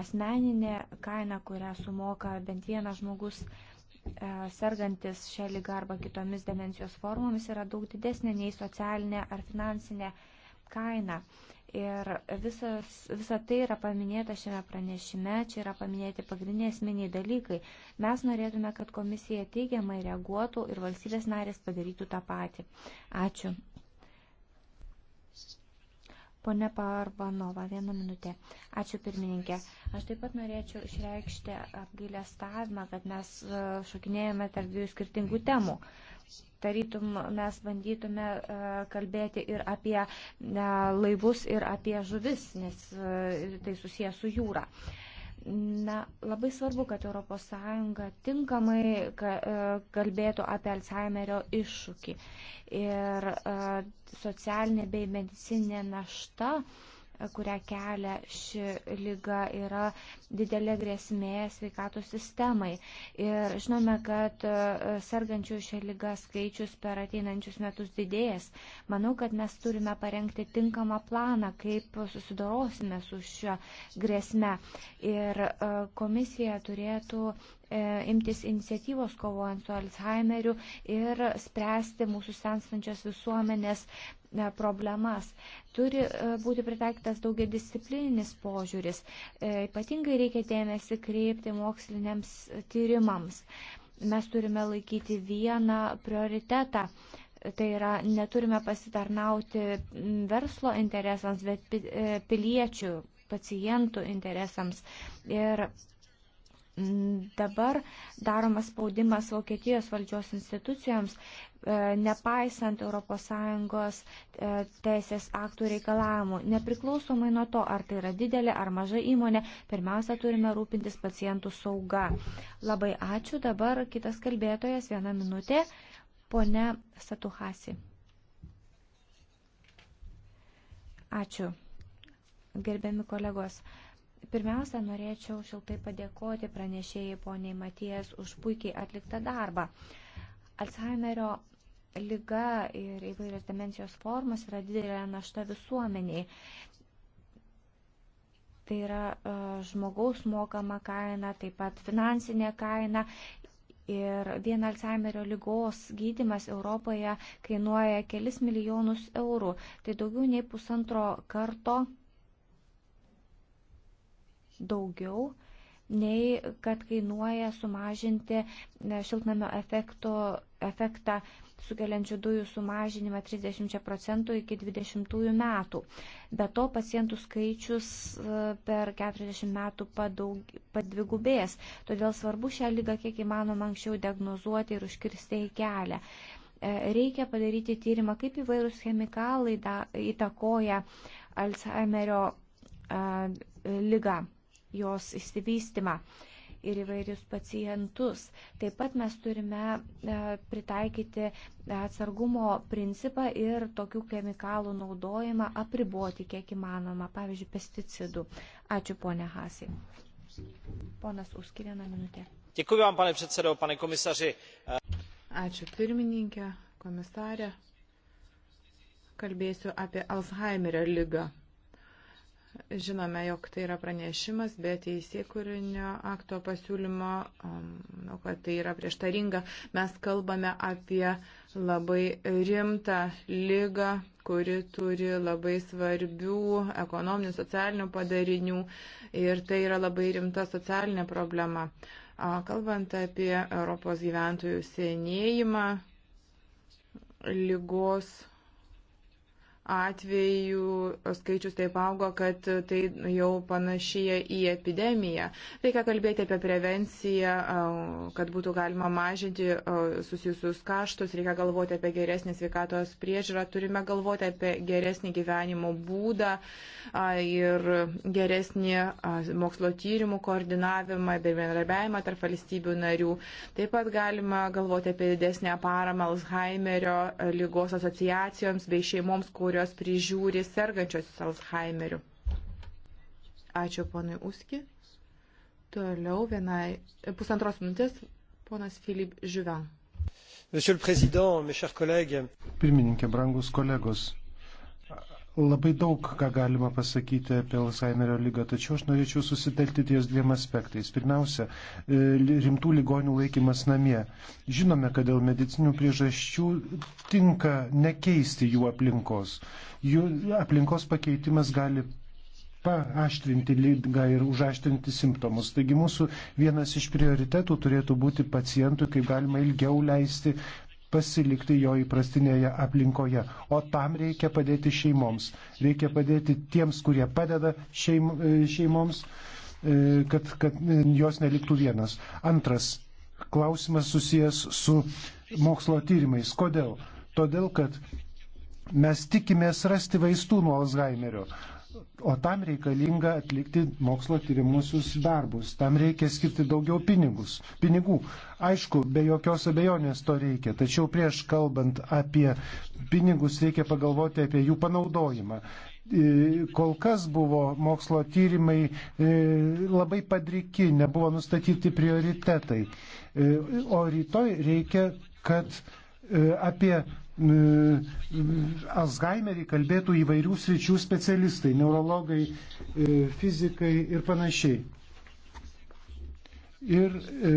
Speaker 3: asmeninė kaina, kurią sumoka bent vienas žmogus e, sergantis šią lygą arba kitomis demencijos formomis, yra daug didesnė nei socialinė ar finansinė kaina. Ir visas, visa tai yra paminėta šiame pranešime, čia yra paminėti pagrindiniai esminiai dalykai. Mes norėtume, kad komisija teigiamai reaguotų ir valstybės narės padarytų tą patį. Ačiū. Pone Parbanova, vieną minutę. Ačiū pirmininkė. Aš taip pat norėčiau išreikšti apgailę stavimą, kad mes e, šokinėjame tarp dviejų skirtingų temų tarytum mes bandytume e, kalbėti ir apie e, laivus, ir apie žuvis, nes tai susijęs su jūra. Na, labai svarbu, kad ES tinkamai e, kalbėtų apie Alzheimerio iššūkį. Ir e, socialinė bei medicinė našta e, kurią kelia ši lyga, yra didelė grėsmė sveikatos sistemai. Ir žinome, kad e, sergančių šią lygą skaičius per ateinančius metus didėjęs. Manau, kad mes turime parengti tinkamą planą, kaip susidorosime su šią grėsmę. Ir e, komisija turėtų e, imtis iniciatyvos kovojant su Alzheimeriu ir spręsti mūsų senstančios visuomenės problemas. Turi būti pritaikytas daugia disciplininis požiūris. Ypatingai Ypatingai reikia dėmesį kreipti moksliniams tyrimams. Mes turime laikyti vieną prioritetą. Tai yra, neturime pasitarnauti verslo interesams, bet piliečių, pacientų interesams. Ir Dabar daromas spaudimas Vokietijos valdžios institucijoms, e, nepaisant ES e, teisės aktų reikalavimų. Nepriklausomai nuo to, ar tai yra didelė ar maža įmonė, pirmiausia, turime rūpintis pacientų sauga. Labai ačiū. Dabar kitas kalbėtojas, viena minutė, ponia Satuhasi. Ačiū. Gerbiami kolegos. Uh, Pirmiausia, norėčiau šiltai padėkoti pranešėjai poniai Matijas už puikiai atliktą darbą. Alzheimerio lyga ir įvairios demencijos formos yra didelė našta visuomeniai. Tai yra e, žmogaus mokama kaina, taip pat finansinė kaina. Ir vien Alzheimerio lygos gydimas Europoje kainuoja kelis milijonus eurų. Tai daugiau nei pusantro karto daugiau nei kad kainuoja sumažinti e, šiltnamio efekto, efektą sukeliančių dujų sumažinimą 30 procentų iki 20 metų. Be to, pacientų skaičius e, per 40 metų padaug, padvigubės, todėl svarbu šią lygą kiek įmanoma anksčiau diagnozuoti ir užkirsti į kelią. E, reikia padaryti tyrimą, kaip įvairūs chemikalai da, įtakoja Alzheimerio lygą jos įsivystimą ir įvairius pacientus. Taip pat mes turime e, pritaikyti atsargumo principą ir tokių chemikalų naudojimą apriboti kiek įmanoma, pavyzdžiui, pesticidų. Ačiū, ponė Hasi.
Speaker 2: Ponas Uskir, vieną minutę. Dėkui vam, pane předsedo, pane komisaři. Ačiū pirmininkė, komisarė. Kalbėsiu apie Alzheimerio lygą. Žinome, jog tai yra pranešimas, bet teisėkūrinio akto pasiūlymo, um, manau, kad tai yra prieštaringa. Mes kalbame apie labai rimtą lygą, kuri turi labai svarbių ekonominių, socialinių padarinių ir tai yra labai rimta socialinė problema. Kalbant apie Europos gyventojų senėjimą, lygos atvejų skaičius taip augo, kad tai jau panašyja į epidemiją. Reikia kalbėti apie prevenciją, kad būtų galima mažinti susijusius kaštus, reikia galvoti apie geresnį sveikatos priežiūrą, turime galvoti apie geresnį gyvenimo būdą ir geresnį mokslo tyrimų koordinavimą bei bendradarbiavimą tarp valstybių narių. Taip pat galima galvoti apie didesnę paramą Alzheimerio lygos asociacijoms bei šeimoms, kur kurios prižiūri sergančiosius Alzheimeriu. Ačiū ponui Uski. Toliau vienai pusantros minutės ponas Filip Žiuvan.
Speaker 1: Monsieur le Président, mes chers collègues. Pirmininkė, brangus kolegos. Labai daug ką galima pasakyti apie Alzheimerio lygą, tačiau aš norėčiau susitelkti ties dviem aspektais. Pirmiausia, e, rimtų ligonių laikymas namie. Žinome, kad dėl medicinių priežasčių tinka nekeisti jų aplinkos. Jų aplinkos pakeitimas gali paaštrinti lygą ir užaštrinti simptomus. Taigi mūsų vienas iš prioritetų turėtų būti pacientui, kaip galima ilgiau leisti pasilikti jo įprastinėje aplinkoje. O tam reikia padėti šeimoms. Reikia padėti tiems, kurie padeda šeim, e, šeimoms, e, kad, kad jos neliktų vienas. Antras klausimas susijęs su mokslo tyrimais. Kodėl? Todėl, kad mes tikimės rasti vaistų nuo Alzheimerio o tam reikalinga atlikti mokslo tyrimusius darbus, tam reikia skirti daugiau pinigus, pinigų. Aišku, be jokios abejonės to reikia, tačiau prieš kalbant apie pinigus reikia pagalvoti apie jų panaudojimą e, kol kas buvo mokslo tyrimai e, labai padriki, nebuvo nustatyti prioritetai. E, o rytoj reikia, kad apie E, Alzheimerį kalbėtų įvairių sričių specialistai, neurologai, e, fizikai ir panašiai. Ir e,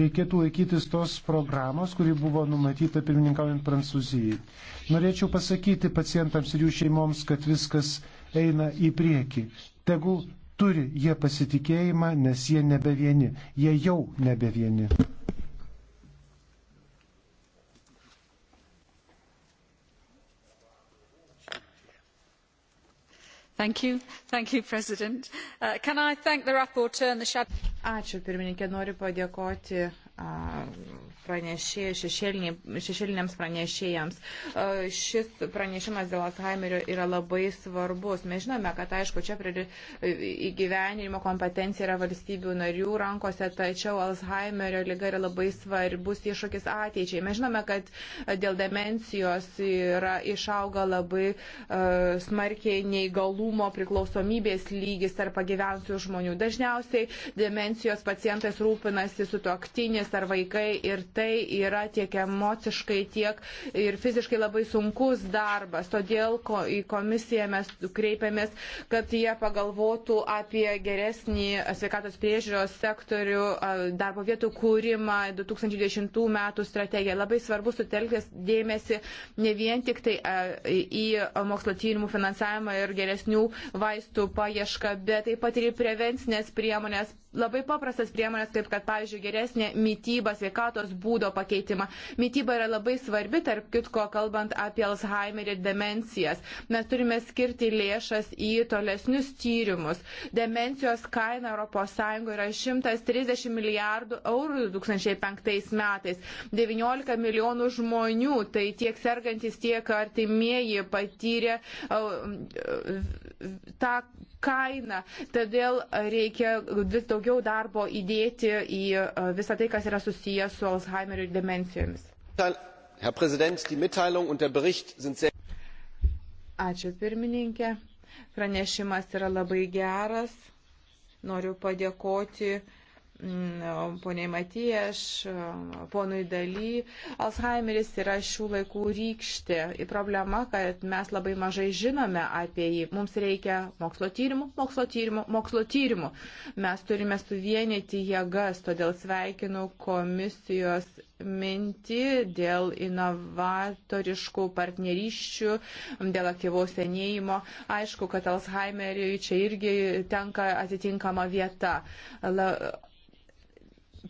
Speaker 1: reikėtų laikytis tos programos, kuri buvo numatyta pirmininkaujant Prancūzijai. Norėčiau pasakyti pacientams ir jų šeimoms, kad viskas eina į priekį. Tegul turi jie pasitikėjimą, nes jie nebe vieni. Jie jau nebe vieni.
Speaker 4: mr president uh, can i thank the
Speaker 2: rapporteur and the shadow. ačiū pirmininke noriu padėkoti uh, pranešėjai, šešėliniams pranešėjams. Šis pranešimas dėl Alzheimerio yra labai svarbus. Mes žinome, kad aišku, čia įgyvenimo kompetencija yra valstybių narių rankose, tačiau Alzheimerio lyga yra labai svarbus iššūkis ateičiai. Mes žinome, kad dėl demencijos yra išauga labai uh, smarkiai neįgalumo priklausomybės lygis tarp pagyvensių žmonių. Dažniausiai demencijos pacientais rūpinasi su toktinis ar vaikai ir tai yra tiek emociškai, tiek ir fiziškai labai sunkus darbas. Todėl ko, į komisiją mes kreipiamės, kad jie pagalvotų apie geresnį sveikatos priežiūros sektorių, darbo vietų kūrimą 2010 metų strategiją. Labai svarbu sutelkęs dėmesį ne vien tik tai į mokslo tyrimų finansavimą ir geresnių vaistų paiešką, bet taip pat ir į prevencinės priemonės labai paprastas priemonės, kaip kad, pavyzdžiui, geresnė mytyba, sveikatos būdo pakeitimą. Mytyba yra labai svarbi, tarp kitko, kalbant apie Alzheimerį ir demencijas. Mes turime skirti lėšas į tolesnius tyrimus. Demencijos kaina ES yra 130 milijardų eurų 2005 metais. 19 milijonų žmonių, tai tiek sergantis, tiek artimieji patyrė tą kainą. Todėl reikia vis daugiau darbo įdėti į e, visą tai, kas yra susijęs su Alzheimeriu ir demencijomis.
Speaker 1: Herr Präsident, die Mitteilung und der Bericht sind sehr.
Speaker 2: Ačiū pirmininkė. Pranešimas yra labai geras. Noriu padėkoti Mm, poniai Matieš, mm, ponui Daly. Alzheimeris yra šių laikų rykštė. Į problema, kad mes labai mažai žinome apie jį. Mums reikia mokslo tyrimų, mokslo tyrimų, mokslo tyrimų. Mes turime suvienyti jėgas, todėl sveikinu komisijos mintį dėl inovatoriškų partnerysčių, dėl aktyvaus senėjimo. Aišku, kad Alzheimeriui čia irgi tenka atitinkama vieta. La,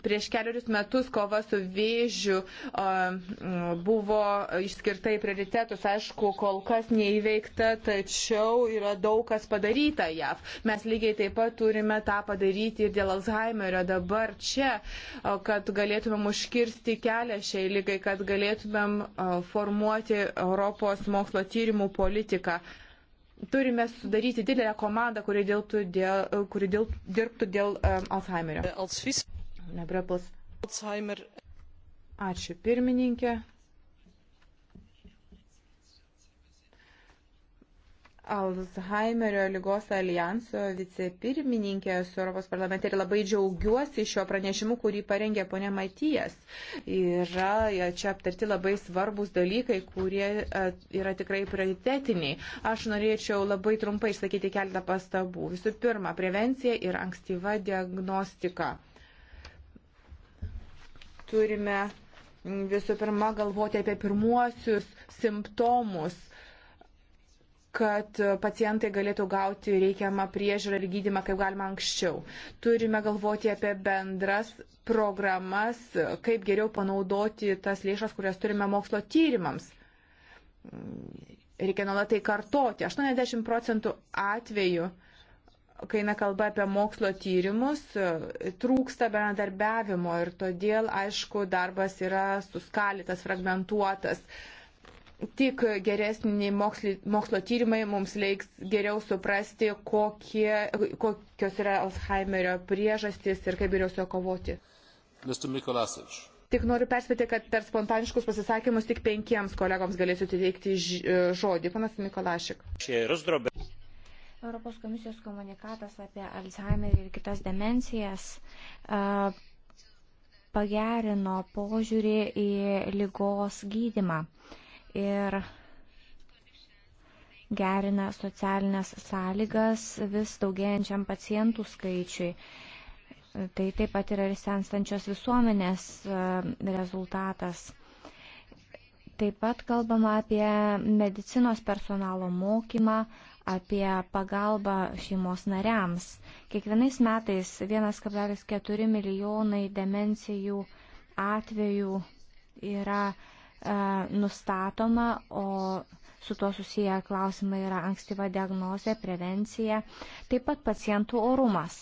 Speaker 2: Prieš keliarius metus kova su vėžiu buvo išskirta į prioritetus, aišku, kol kas neįveikta, tačiau yra daug kas padaryta JAV. Mes lygiai taip pat turime tą padaryti ir dėl Alzheimerio dabar čia, kad galėtumėm užkirsti kelią šiai lygai, kad galėtumėm formuoti Europos mokslo tyrimų politiką turime sudaryti didelę komandą, kuri dirbtų dėl, kuri dėl, dirbtų dėl um, Alzheimerio. Nebreplas. Alzheimer. Ačiū pirmininkė. Alzheimerio lygos alijanso vicepirmininkė su Europos parlamente ir labai džiaugiuosi šio pranešimu, kurį parengė ponė Matijas. Yra e, čia aptarti labai svarbus dalykai, kurie e, yra tikrai prioritetiniai. Aš norėčiau labai trumpai išsakyti keletą pastabų. Visų pirma, prevencija ir ankstyva diagnostika turime visų pirma galvoti apie pirmuosius simptomus, kad pacientai galėtų gauti reikiamą priežiūrą ir gydimą kaip galima anksčiau. Turime galvoti apie bendras programas, kaip geriau panaudoti tas lėšas, kurias turime mokslo tyrimams. Reikia nuolat tai kartoti. 80 procentų atveju uh, kai eina kalba apie mokslo tyrimus, trūksta bendradarbiavimo ir todėl, aišku, darbas yra suskalitas, fragmentuotas. Tik geresni moksli, mokslo tyrimai mums leiks geriau suprasti, kokie, kokios yra Alzheimerio priežastys ir kaip geriau su jo kovoti. Tik noriu perspėti, kad per spontaniškus pasisakymus tik penkiems kolegoms galėsiu teikti žodį. Panas Mikolašik.
Speaker 3: Europos komisijos komunikatas apie Alzheimerį ir kitas demencijas pagerino požiūrį į lygos gydimą ir gerina socialinės sąlygas vis daugėjančiam pacientų skaičiui. Tai taip pat yra ir senstančios visuomenės rezultatas. Taip pat kalbama apie medicinos personalo mokymą, apie pagalbą šeimos nariams. Kiekvienais metais 1,4 milijonai demencijų atvejų yra e, nustatoma, o su tuo susiję klausimai yra ankstyva diagnozė, prevencija, taip pat pacientų orumas.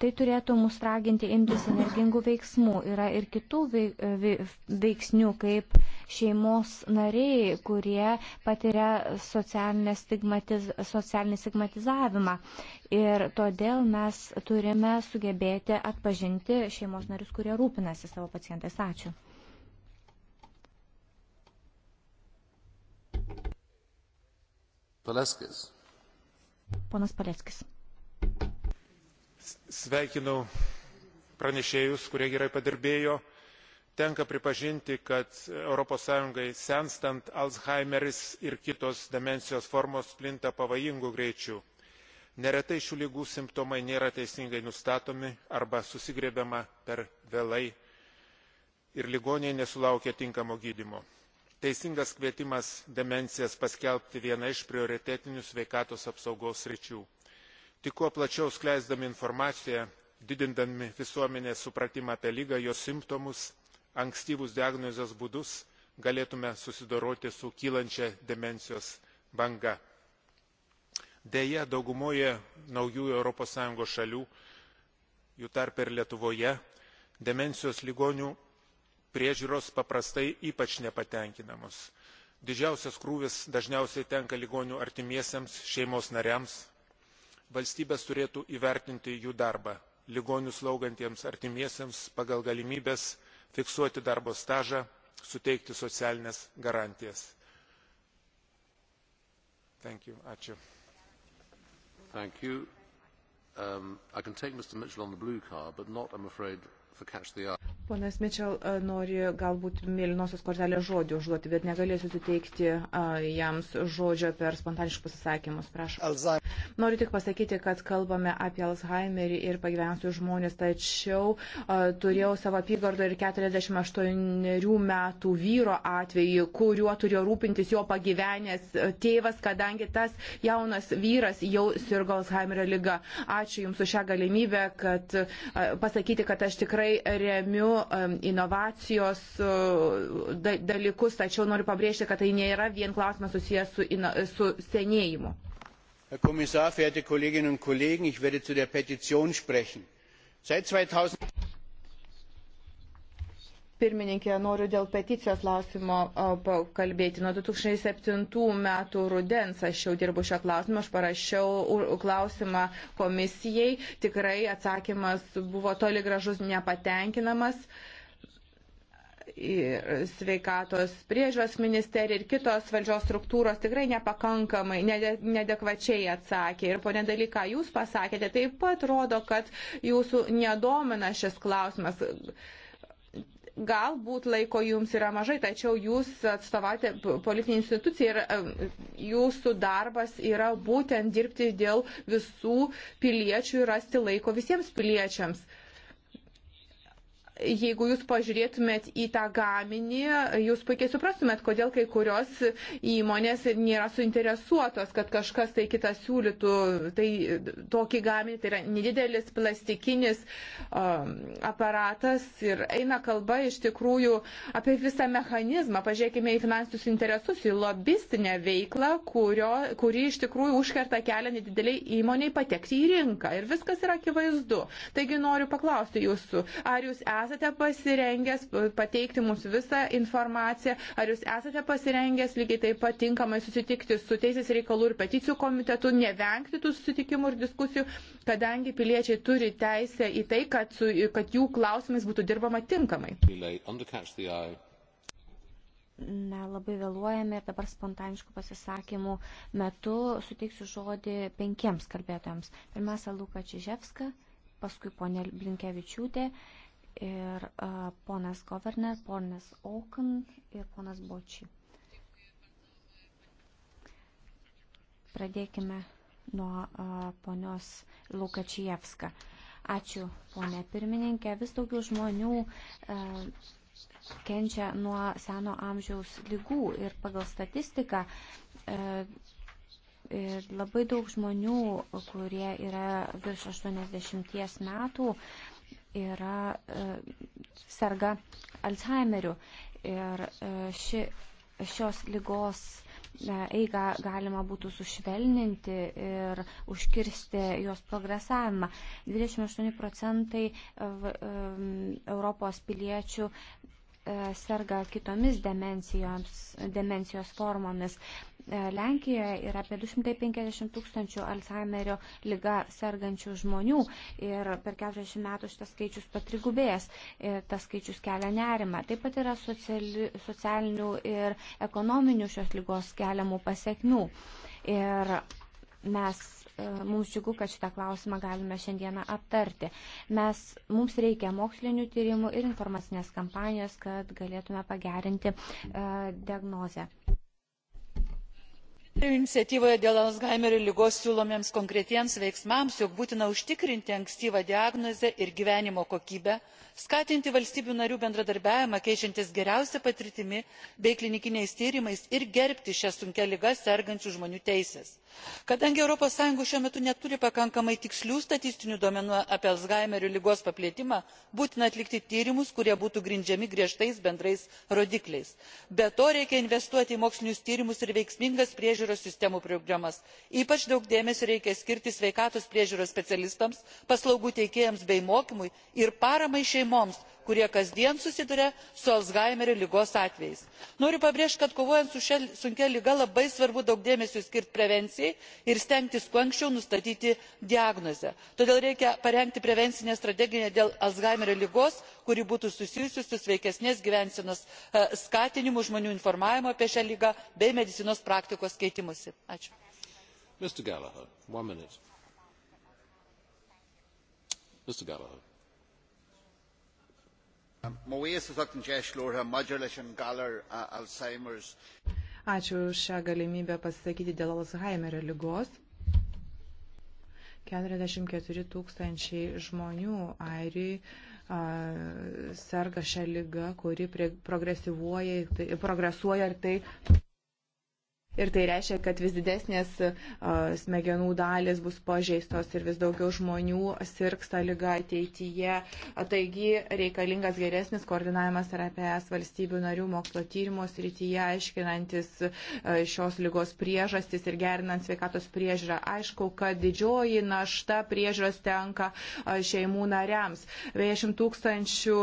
Speaker 3: Tai turėtų mus raginti imtis energingų veiksmų. Yra ir kitų veiksnių, kaip šeimos nariai, kurie patiria stigmatiz, socialinį stigmatizavimą. Ir todėl mes turime sugebėti atpažinti šeimos narius, kurie rūpinasi savo pacientais. Ačiū. Paleckis. Ponas Paleckis
Speaker 5: sveikinu pranešėjus kurie gerai padirbėjo. tenka pripažinti kad europos sąjungai senstant alzheimeris ir kitos demencijos formos plinta pavojingu greičiu. neretai šių ligų simptomai nėra teisingai nustatomi arba susigriebiama per vėlai ir ligoniai nesulaukia tinkamo gydymo. teisingas kvietimas demencijas paskelbti viena iš prioritetinių sveikatos apsaugos sričių tik kuo plačiau skleisdami informaciją didindami visuomenės supratimą apie lygą jos simptomus ankstyvus diagnozės būdus galėtume susidoroti su kylančia demencijos banga. deja daugumoje naujųjų europos sąjungos šalių jų tarpe ir lietuvoje demencijos ligonių priežiūros paprastai ypač nepatenkinamos. didžiausias krūvis dažniausiai tenka ligonių artimiesiems šeimos nariams valstybės turėtų įvertinti jų darbą ligonių slaugantiems artimiesiems pagal galimybes fiksuoti darbo stažą suteikti socialines garantijas. Thank you. Ačiū. Thank you. Um, I can take Mr. Mitchell on the blue card, but not, I'm afraid, Ponas
Speaker 2: Mičel nori galbūt mėlynosios kortelės žodį užduoti, bet negalėsiu suteikti jams žodžio per spontaniškus pasisakymus. Prašau. Alzheimer. Noriu tik pasakyti, kad kalbame apie Alzheimerį ir pagyvenusius žmonės, tačiau a, turėjau savo apygardą ir 48 metų vyro atvejį, kuriuo turėjo rūpintis jo pagyvenęs tėvas, kadangi tas jaunas vyras jau sirgo Alzheimerio lyga. Ačiū Jums už šią galimybę, kad a, pasakyti, kad aš tikrai tikrai remiu inovacijos e, dalykus, tačiau noriu pabrėžti, kad tai nėra vien klausimas susijęs su, su senėjimu.
Speaker 1: Herr Kommissar, verehrte Kolleginnen und Kollegen, ich werde zu der Petition sprechen. Seit 2000
Speaker 2: Pirmininkė, noriu dėl peticijos klausimo kalbėti. Nuo 2007 metų rudens aš jau dirbu šio klausimo, aš parašiau klausimą komisijai, tikrai atsakymas buvo toli gražus nepatenkinamas ir sveikatos priežiūros ministerija ir kitos valdžios struktūros tikrai nepakankamai, nede, nedekvačiai atsakė. Ir ponė dalyką jūs pasakėte, taip pat rodo, kad jūsų nedomina šis klausimas. Galbūt laiko jums yra mažai, tačiau jūs atstovate politinį instituciją ir jūsų darbas yra būtent dirbti dėl visų piliečių ir rasti laiko visiems piliečiams jeigu jūs pažiūrėtumėt į tą gaminį, jūs puikiai suprastumėt, kodėl kai kurios įmonės nėra suinteresuotos, kad kažkas tai kitas siūlytų tai, tokį gaminį. Tai yra nedidelis plastikinis um, aparatas ir eina kalba iš tikrųjų apie visą mechanizmą. Pažiūrėkime į finansinius interesus, į lobistinę veiklą, kurio, kuri iš tikrųjų užkerta kelią nedideliai įmoniai patekti į rinką. Ir viskas yra akivaizdu. Taigi noriu paklausti jūsų, ar jūs esate esate pasirengęs pateikti mums visą informaciją, ar jūs esate pasirengęs lygiai taip pat tinkamai susitikti su Teisės reikalų ir peticijų komitetu, nevengti tų susitikimų ir diskusijų, kadangi piliečiai turi teisę į tai, kad, su, kad jų klausimais būtų dirbama tinkamai. Na, labai vėluojame ir dabar spontaniškų
Speaker 3: pasisakymų metu suteiksiu žodį penkiems kalbėtojams. Pirmiausia, Luka Čiževska, paskui ponė Blinkevičiūtė. Uh, ir uh, ponas Governor, ponas Auken ir ponas Bočiai. Pradėkime nuo uh, ponios Lukačievska. Ačiū, ponė pirmininkė. Vis daugiau žmonių uh, kenčia nuo seno amžiaus lygų ir pagal statistiką uh, ir labai daug žmonių, kurie yra virš 80 metų, uh, yra e, serga Alzheimeriu ir e, ši, šios lygos e, eigą galima būtų sušvelninti ir užkirsti jos progresavimą. 28 procentai Europos piliečių E, serga kitomis demencijos formomis. E, Lenkijoje yra apie 250 tūkstančių Alzheimerio lyga sergančių žmonių ir per 40 metų šitas skaičius patrigubėjęs ir e, tas skaičius kelia nerimą. Taip pat yra sociali, socialinių ir ekonominių šios lygos keliamų pasiekmių. Ir mes mums džiugu, kad šitą klausimą galime šiandieną aptarti. Mes, mums reikia mokslinių tyrimų ir informacinės kampanijos, kad galėtume pagerinti e, diagnozę.
Speaker 4: Iniciatyvoje dėl Alzheimerio lygos siūlomiems konkretiems veiksmams, jog būtina užtikrinti ankstyvą diagnozę ir gyvenimo kokybę, skatinti valstybių narių bendradarbiavimą keičiantis geriausia patirtimi bei klinikiniais tyrimais ir gerbti šia sunkia liga sergančių žmonių teises. kadangi europos sąjunga šiuo metu neturi pakankamai tikslių statistinių duomenų apie alzhaimerio ligos paplitimą būtina atlikti tyrimus kurie būtų grindžiami griežtais bendrais rodikliais. be to reikia investuoti į mokslinius tyrimus ir veiksmingas priežiūros sistemų programas. ypač daug dėmesio reikia skirti sveikatos priežiūros specialistams paslaugų teikėjams bei mokymui ir paramai šeimų gydytojams šeimoms kurie kasdien susiduria su alzhaimerio ligos atvejais. noriu pabrėžti kad kovojant su šia sunkia liga labai svarbu daug dėmesio skirti prevencijai ir stengtis kuo anksčiau nustatyti diagnozę. todėl reikia parengti prevencinę strategiją dėl alzhaimerio ligos kuri būtų susijusi su sveikesnės gyvensenos e, skatinimu žmonių informavimu apie šią ligą bei medicinos praktikos keitimusi. Ačiū už
Speaker 2: šią galimybę pasisakyti dėl Alzheimerio lygos. 44 tūkstančiai žmonių Airijai serga šią lygą, kuri tai, progresuoja ir tai ir tai reiškia, kad vis didesnės smegenų dalis bus pažeistos ir vis daugiau žmonių sirgs tą lygą ateityje. Taigi reikalingas geresnis koordinavimas ir apie es valstybių narių mokslo tyrimo srityje, aiškinantis šios lygos priežastis ir gerinant sveikatos priežiūrą. Aišku, kad didžioji našta priežiūros tenka šeimų nariams. 50 tūkstančių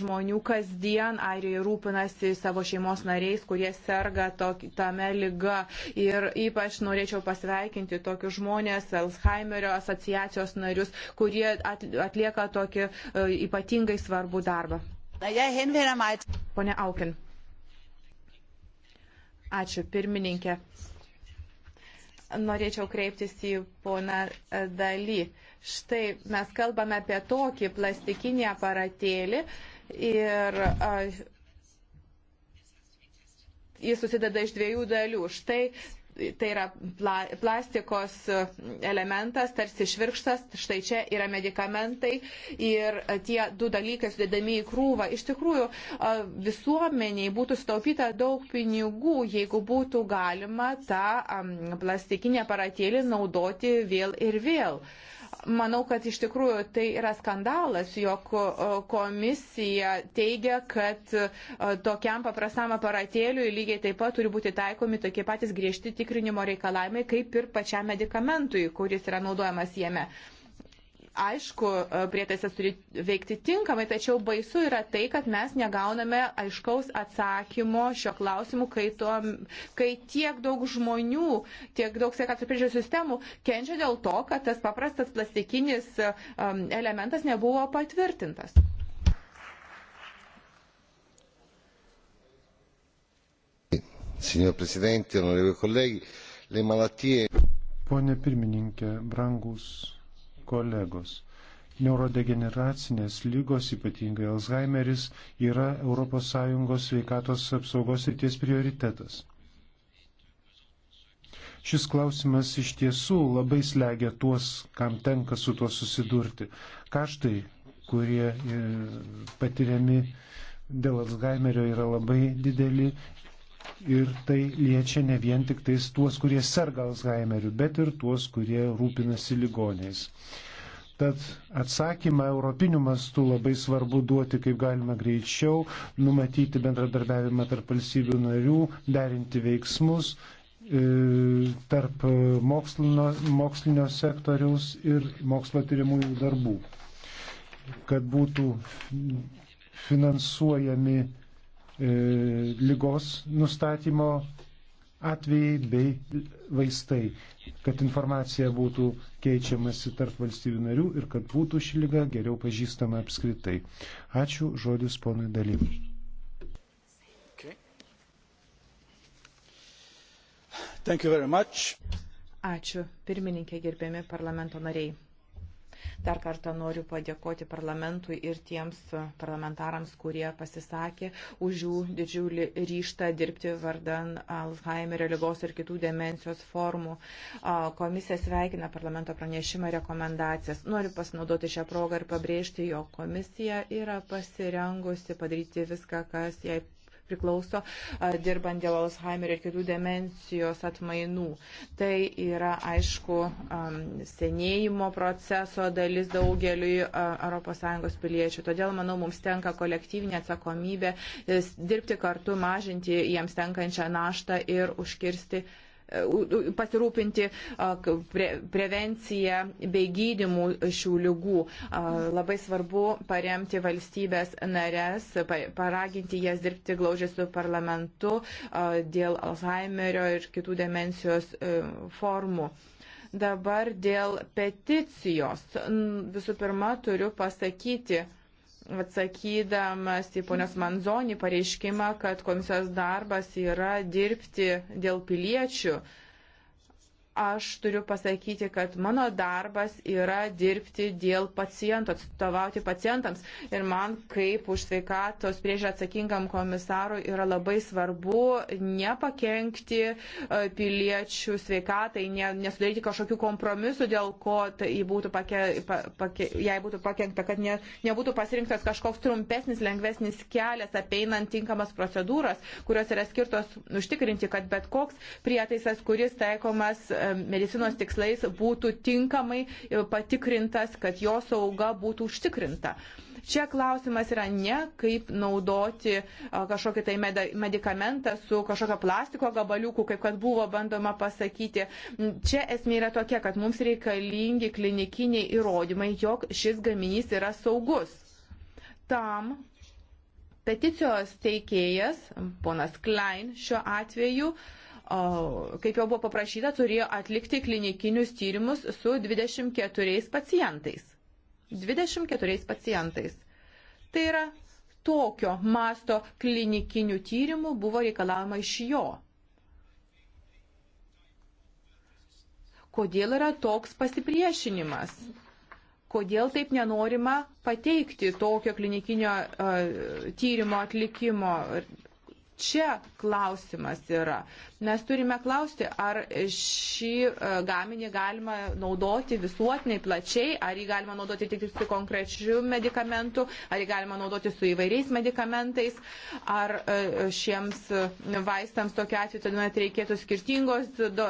Speaker 2: žmonių kasdien airiai rūpinasi savo šeimos nariais, kurie serga tame lygoje lyga. Ir ypač norėčiau pasveikinti tokius žmonės, Alzheimerio asociacijos narius, kurie atlieka tokį e, ypatingai svarbų darbą. Pone Aukin. Ačiū, pirmininkė. Norėčiau kreiptis į poną Daly. Štai mes kalbame apie tokį plastikinį aparatėlį ir jis susideda iš dviejų dalių. Štai tai yra pla, plastikos e, elementas, tarsi švirkštas, štai čia yra medikamentai ir e, tie du dalykai sudėdami į krūvą. Iš tikrųjų, e, visuomeniai būtų staupyta daug pinigų, jeigu būtų galima tą plastikinę aparatėlį naudoti vėl ir vėl. Uh, Manau, kad iš tikrųjų tai yra skandalas, jog e, komisija teigia, kad e, tokiam paprastam aparatėliui lygiai taip pat turi būti taikomi tokie patys griežti tikrinimo reikalavimai, kaip ir pačiam medikamentui, kuris yra naudojamas jame aišku, e, prietaisas turi veikti tinkamai, tačiau baisu yra tai, kad mes negauname aiškaus atsakymo šio klausimu, kai, to, kai tiek daug žmonių, tiek daug sveikatos priežiūros sistemų kenčia dėl to, kad tas paprastas plastikinis e, elementas nebuvo patvirtintas.
Speaker 1: Signor Presidente, onorevoli
Speaker 4: colleghi, le malattie.
Speaker 1: Pone pirmininkė, brangus kolegos. Neurodegeneracinės lygos, ypatingai Alzheimeris, yra ES sveikatos apsaugos ryties prioritetas. Šis klausimas iš tiesų labai slegia tuos, kam tenka su tuo susidurti. Kaštai, kurie e, patiriami dėl Alzheimerio, yra labai dideli Ir tai liečia ne vien tik tais tuos, kurie serga Alzheimeriu, bet ir tuos, kurie rūpinasi ligoniais. Tad atsakymą europiniu mastu labai svarbu duoti kaip galima greičiau, numatyti bendradarbiavimą tarp valstybių narių, derinti veiksmus e, tarp mokslinio, mokslinio sektoriaus ir mokslo tyrimųjų darbų, kad būtų finansuojami E, lygos nustatymo atvejai bei vaistai, kad informacija būtų keičiamasi tarp valstybių narių ir kad būtų ši lyga geriau pažįstama apskritai. Ačiū, žodis ponui daly. Okay.
Speaker 2: Ačiū, pirmininkė gerbėmi parlamento nariai. Dar kartą noriu padėkoti parlamentui ir tiems parlamentarams, kurie pasisakė už jų didžiulį ryštą dirbti vardan Alzheimerio lygos ir kitų demencijos formų. Komisija sveikina parlamento pranešimą rekomendacijas. Noriu pasinaudoti šią progą ir pabrėžti, jo komisija yra pasirengusi padaryti viską, kas jai priklauso dirbant dėl Alzheimerio ir kitų demencijos atmainų. Tai yra, aišku, senėjimo proceso dalis daugeliui ES piliečių. Todėl, manau, mums tenka kolektyvinė atsakomybė dirbti kartu, mažinti jiems tenkančią naštą ir užkirsti pasirūpinti pre, prevenciją bei gydimų šių lygų. Labai svarbu paremti valstybės narės, paraginti jas dirbti glaužiai su parlamentu dėl Alzheimerio ir kitų demencijos e, formų. Dabar dėl peticijos. Visų pirma, turiu pasakyti, atsakydamas į ponios Manzonį pareiškimą, kad komisijos darbas yra dirbti dėl piliečių aš turiu pasakyti, kad mano darbas yra dirbti dėl pacientų, atstovauti pacientams. Ir man kaip už sveikatos priežiūrą atsakingam komisarui yra labai svarbu nepakenkti e, piliečių sveikatai, ne, nesudaryti kažkokių kompromisų, dėl ko tai būtų pake, pake, jai būtų pakenkta, kad ne, nebūtų pasirinktas kažkoks trumpesnis, lengvesnis kelias, apeinant tinkamas procedūras, kurios yra skirtos užtikrinti, kad bet koks prietaisas, kuris taikomas e, medicinos tikslais būtų tinkamai e, patikrintas, kad jo sauga būtų užtikrinta. Čia klausimas yra ne kaip naudoti e, kažkokį tai medikamentą su kažkokio plastiko gabaliuku, kaip kad buvo bandoma pasakyti. Mm, čia esmė yra tokia, kad mums reikalingi klinikiniai įrodymai, jog šis gaminys yra saugus. Tam peticijos teikėjas, ponas Klein šiuo atveju, uh, kaip jau buvo paprašyta, turėjo atlikti klinikinius tyrimus su 24 pacientais. 24 pacientais. Tai yra tokio masto klinikinių tyrimų buvo reikalavima iš jo. Kodėl yra toks pasipriešinimas? Kodėl taip nenorima pateikti tokio klinikinio uh, tyrimo atlikimo? Čia klausimas yra. Mes turime klausti, ar šį e, gaminį galima naudoti visuotiniai plačiai, ar jį galima naudoti tik su konkrečiu medikamentu, ar jį galima naudoti su įvairiais medikamentais, ar e, šiems e, vaistams tokia atveju tuomet reikėtų skirtingos do,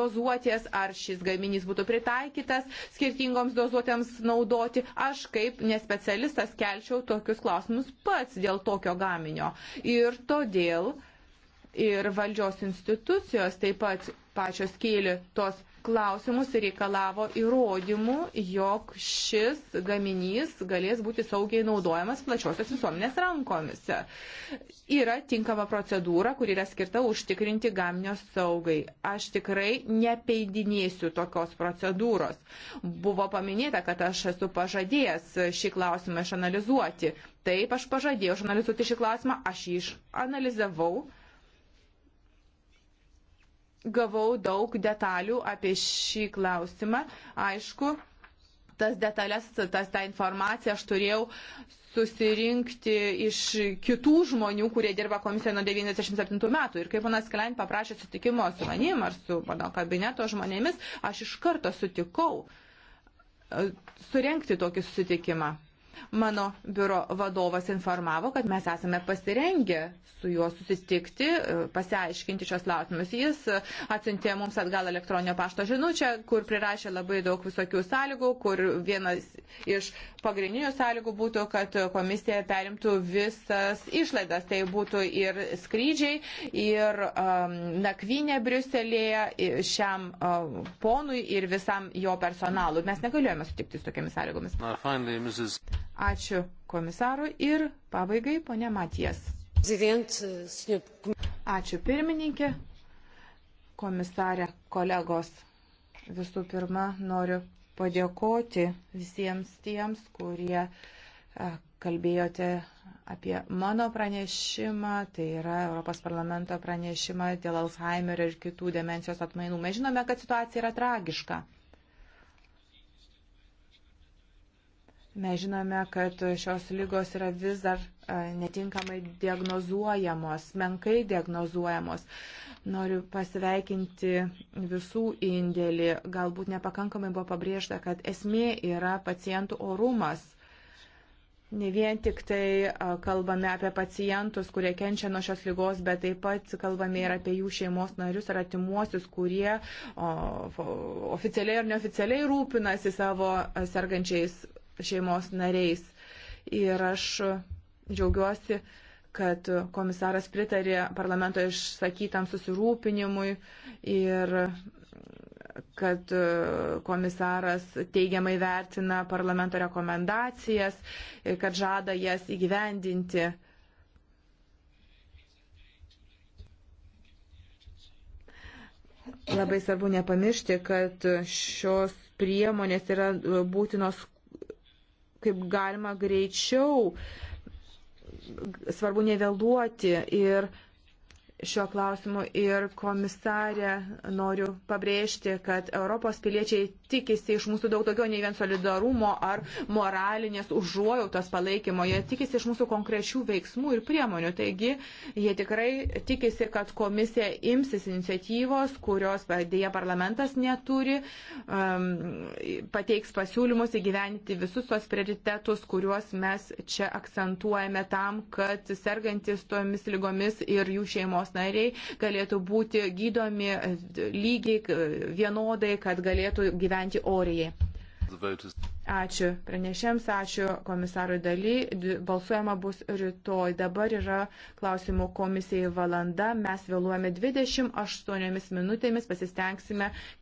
Speaker 2: dozuotės, ar šis gaminys būtų pritaikytas skirtingoms dozuotėms naudoti. Aš kaip nespecialistas kelčiau tokius klausimus pats dėl tokio gaminio. Ir todėl, ir valdžios institucijos taip pat pačios kėlė tos klausimus ir reikalavo įrodymų, jog šis gaminys galės būti saugiai naudojamas plačiosios visuomenės rankomis. Yra tinkama procedūra, kur yra skirta užtikrinti gaminio saugai. Aš tikrai nepeidinėsiu tokios procedūros. Buvo paminėta, kad aš esu pažadėjęs šį klausimą išanalizuoti. Taip, aš pažadėjau išanalizuoti šį klausimą, aš jį išanalizavau gavau daug detalių apie šį klausimą. Aišku, tas detalės, tas, tą informaciją aš turėjau susirinkti iš kitų žmonių, kurie dirba komisijoje nuo 97 metų. Ir kai panas Klein paprašė sutikimo su manim ar su mano kabineto žmonėmis, aš iš karto sutikau e, surenkti tokį susitikimą. Mano biuro vadovas informavo, kad mes esame pasirengę su juo susitikti, pasiaiškinti šios klausimus. Jis atsintė mums atgal elektroninio pašto žinučią, kur prirašė labai daug visokių sąlygų, kur vienas iš pagrindinių sąlygų būtų, kad komisija perimtų visas išlaidas. Tai būtų ir skrydžiai, ir um, nakvynė Briuselėje šiam um, ponui ir visam jo personalui. Mes negalėjome sutikti su tokiamis sąlygomis. Now, finally, Mrs. Ačiū komisarui ir pabaigai ponė Matijas. Ačiū pirmininkė, komisarė, kolegos. Visų pirma, noriu padėkoti visiems tiems, kurie e, kalbėjote apie mano pranešimą, tai yra Europos parlamento pranešimą dėl Alzheimerio ir kitų demencijos atmainų. Mes žinome, kad situacija yra tragiška. Mes žinome, kad šios lygos yra vis dar e, netinkamai diagnozuojamos, menkai diagnozuojamos. Noriu pasveikinti visų indėlį. Galbūt nepakankamai buvo pabrėžta, kad esmė yra pacientų orumas. Ne vien tik tai e, kalbame apie pacientus, kurie kenčia nuo šios lygos, bet taip pat kalbame ir apie jų šeimos narius ar atimuosius, kurie o, oficialiai ar neoficialiai rūpinasi savo e, sergančiais šeimos nariais. Ir aš džiaugiuosi, kad komisaras pritarė parlamento išsakytam susirūpinimui ir kad komisaras teigiamai vertina parlamento rekomendacijas ir kad žada jas įgyvendinti. Labai svarbu nepamiršti, kad šios priemonės yra būtinos kaip galima greičiau. Svarbu nevėluoti ir šio klausimu ir komisarė noriu pabrėžti, kad Europos piliečiai tikisi iš mūsų daug daugiau nei vien solidarumo ar moralinės užuojautos palaikymo. Jie tikisi iš mūsų konkrečių veiksmų ir priemonių. Taigi jie tikrai tikisi, kad komisija imsis iniciatyvos, kurios dėja parlamentas neturi, um, pateiks pasiūlymus įgyventi visus tos prioritetus, kuriuos mes čia akcentuojame tam, kad sergantis tomis lygomis ir jų šeimos šeimos nariai galėtų būti gydomi e, lygiai vienodai, kad galėtų gyventi oriai. Ačiū pranešėms, ačiū komisarui daly. Balsuojama bus rytoj. Dabar yra klausimų komisijai valanda. Mes vėluojame 28 minutėmis, pasistengsime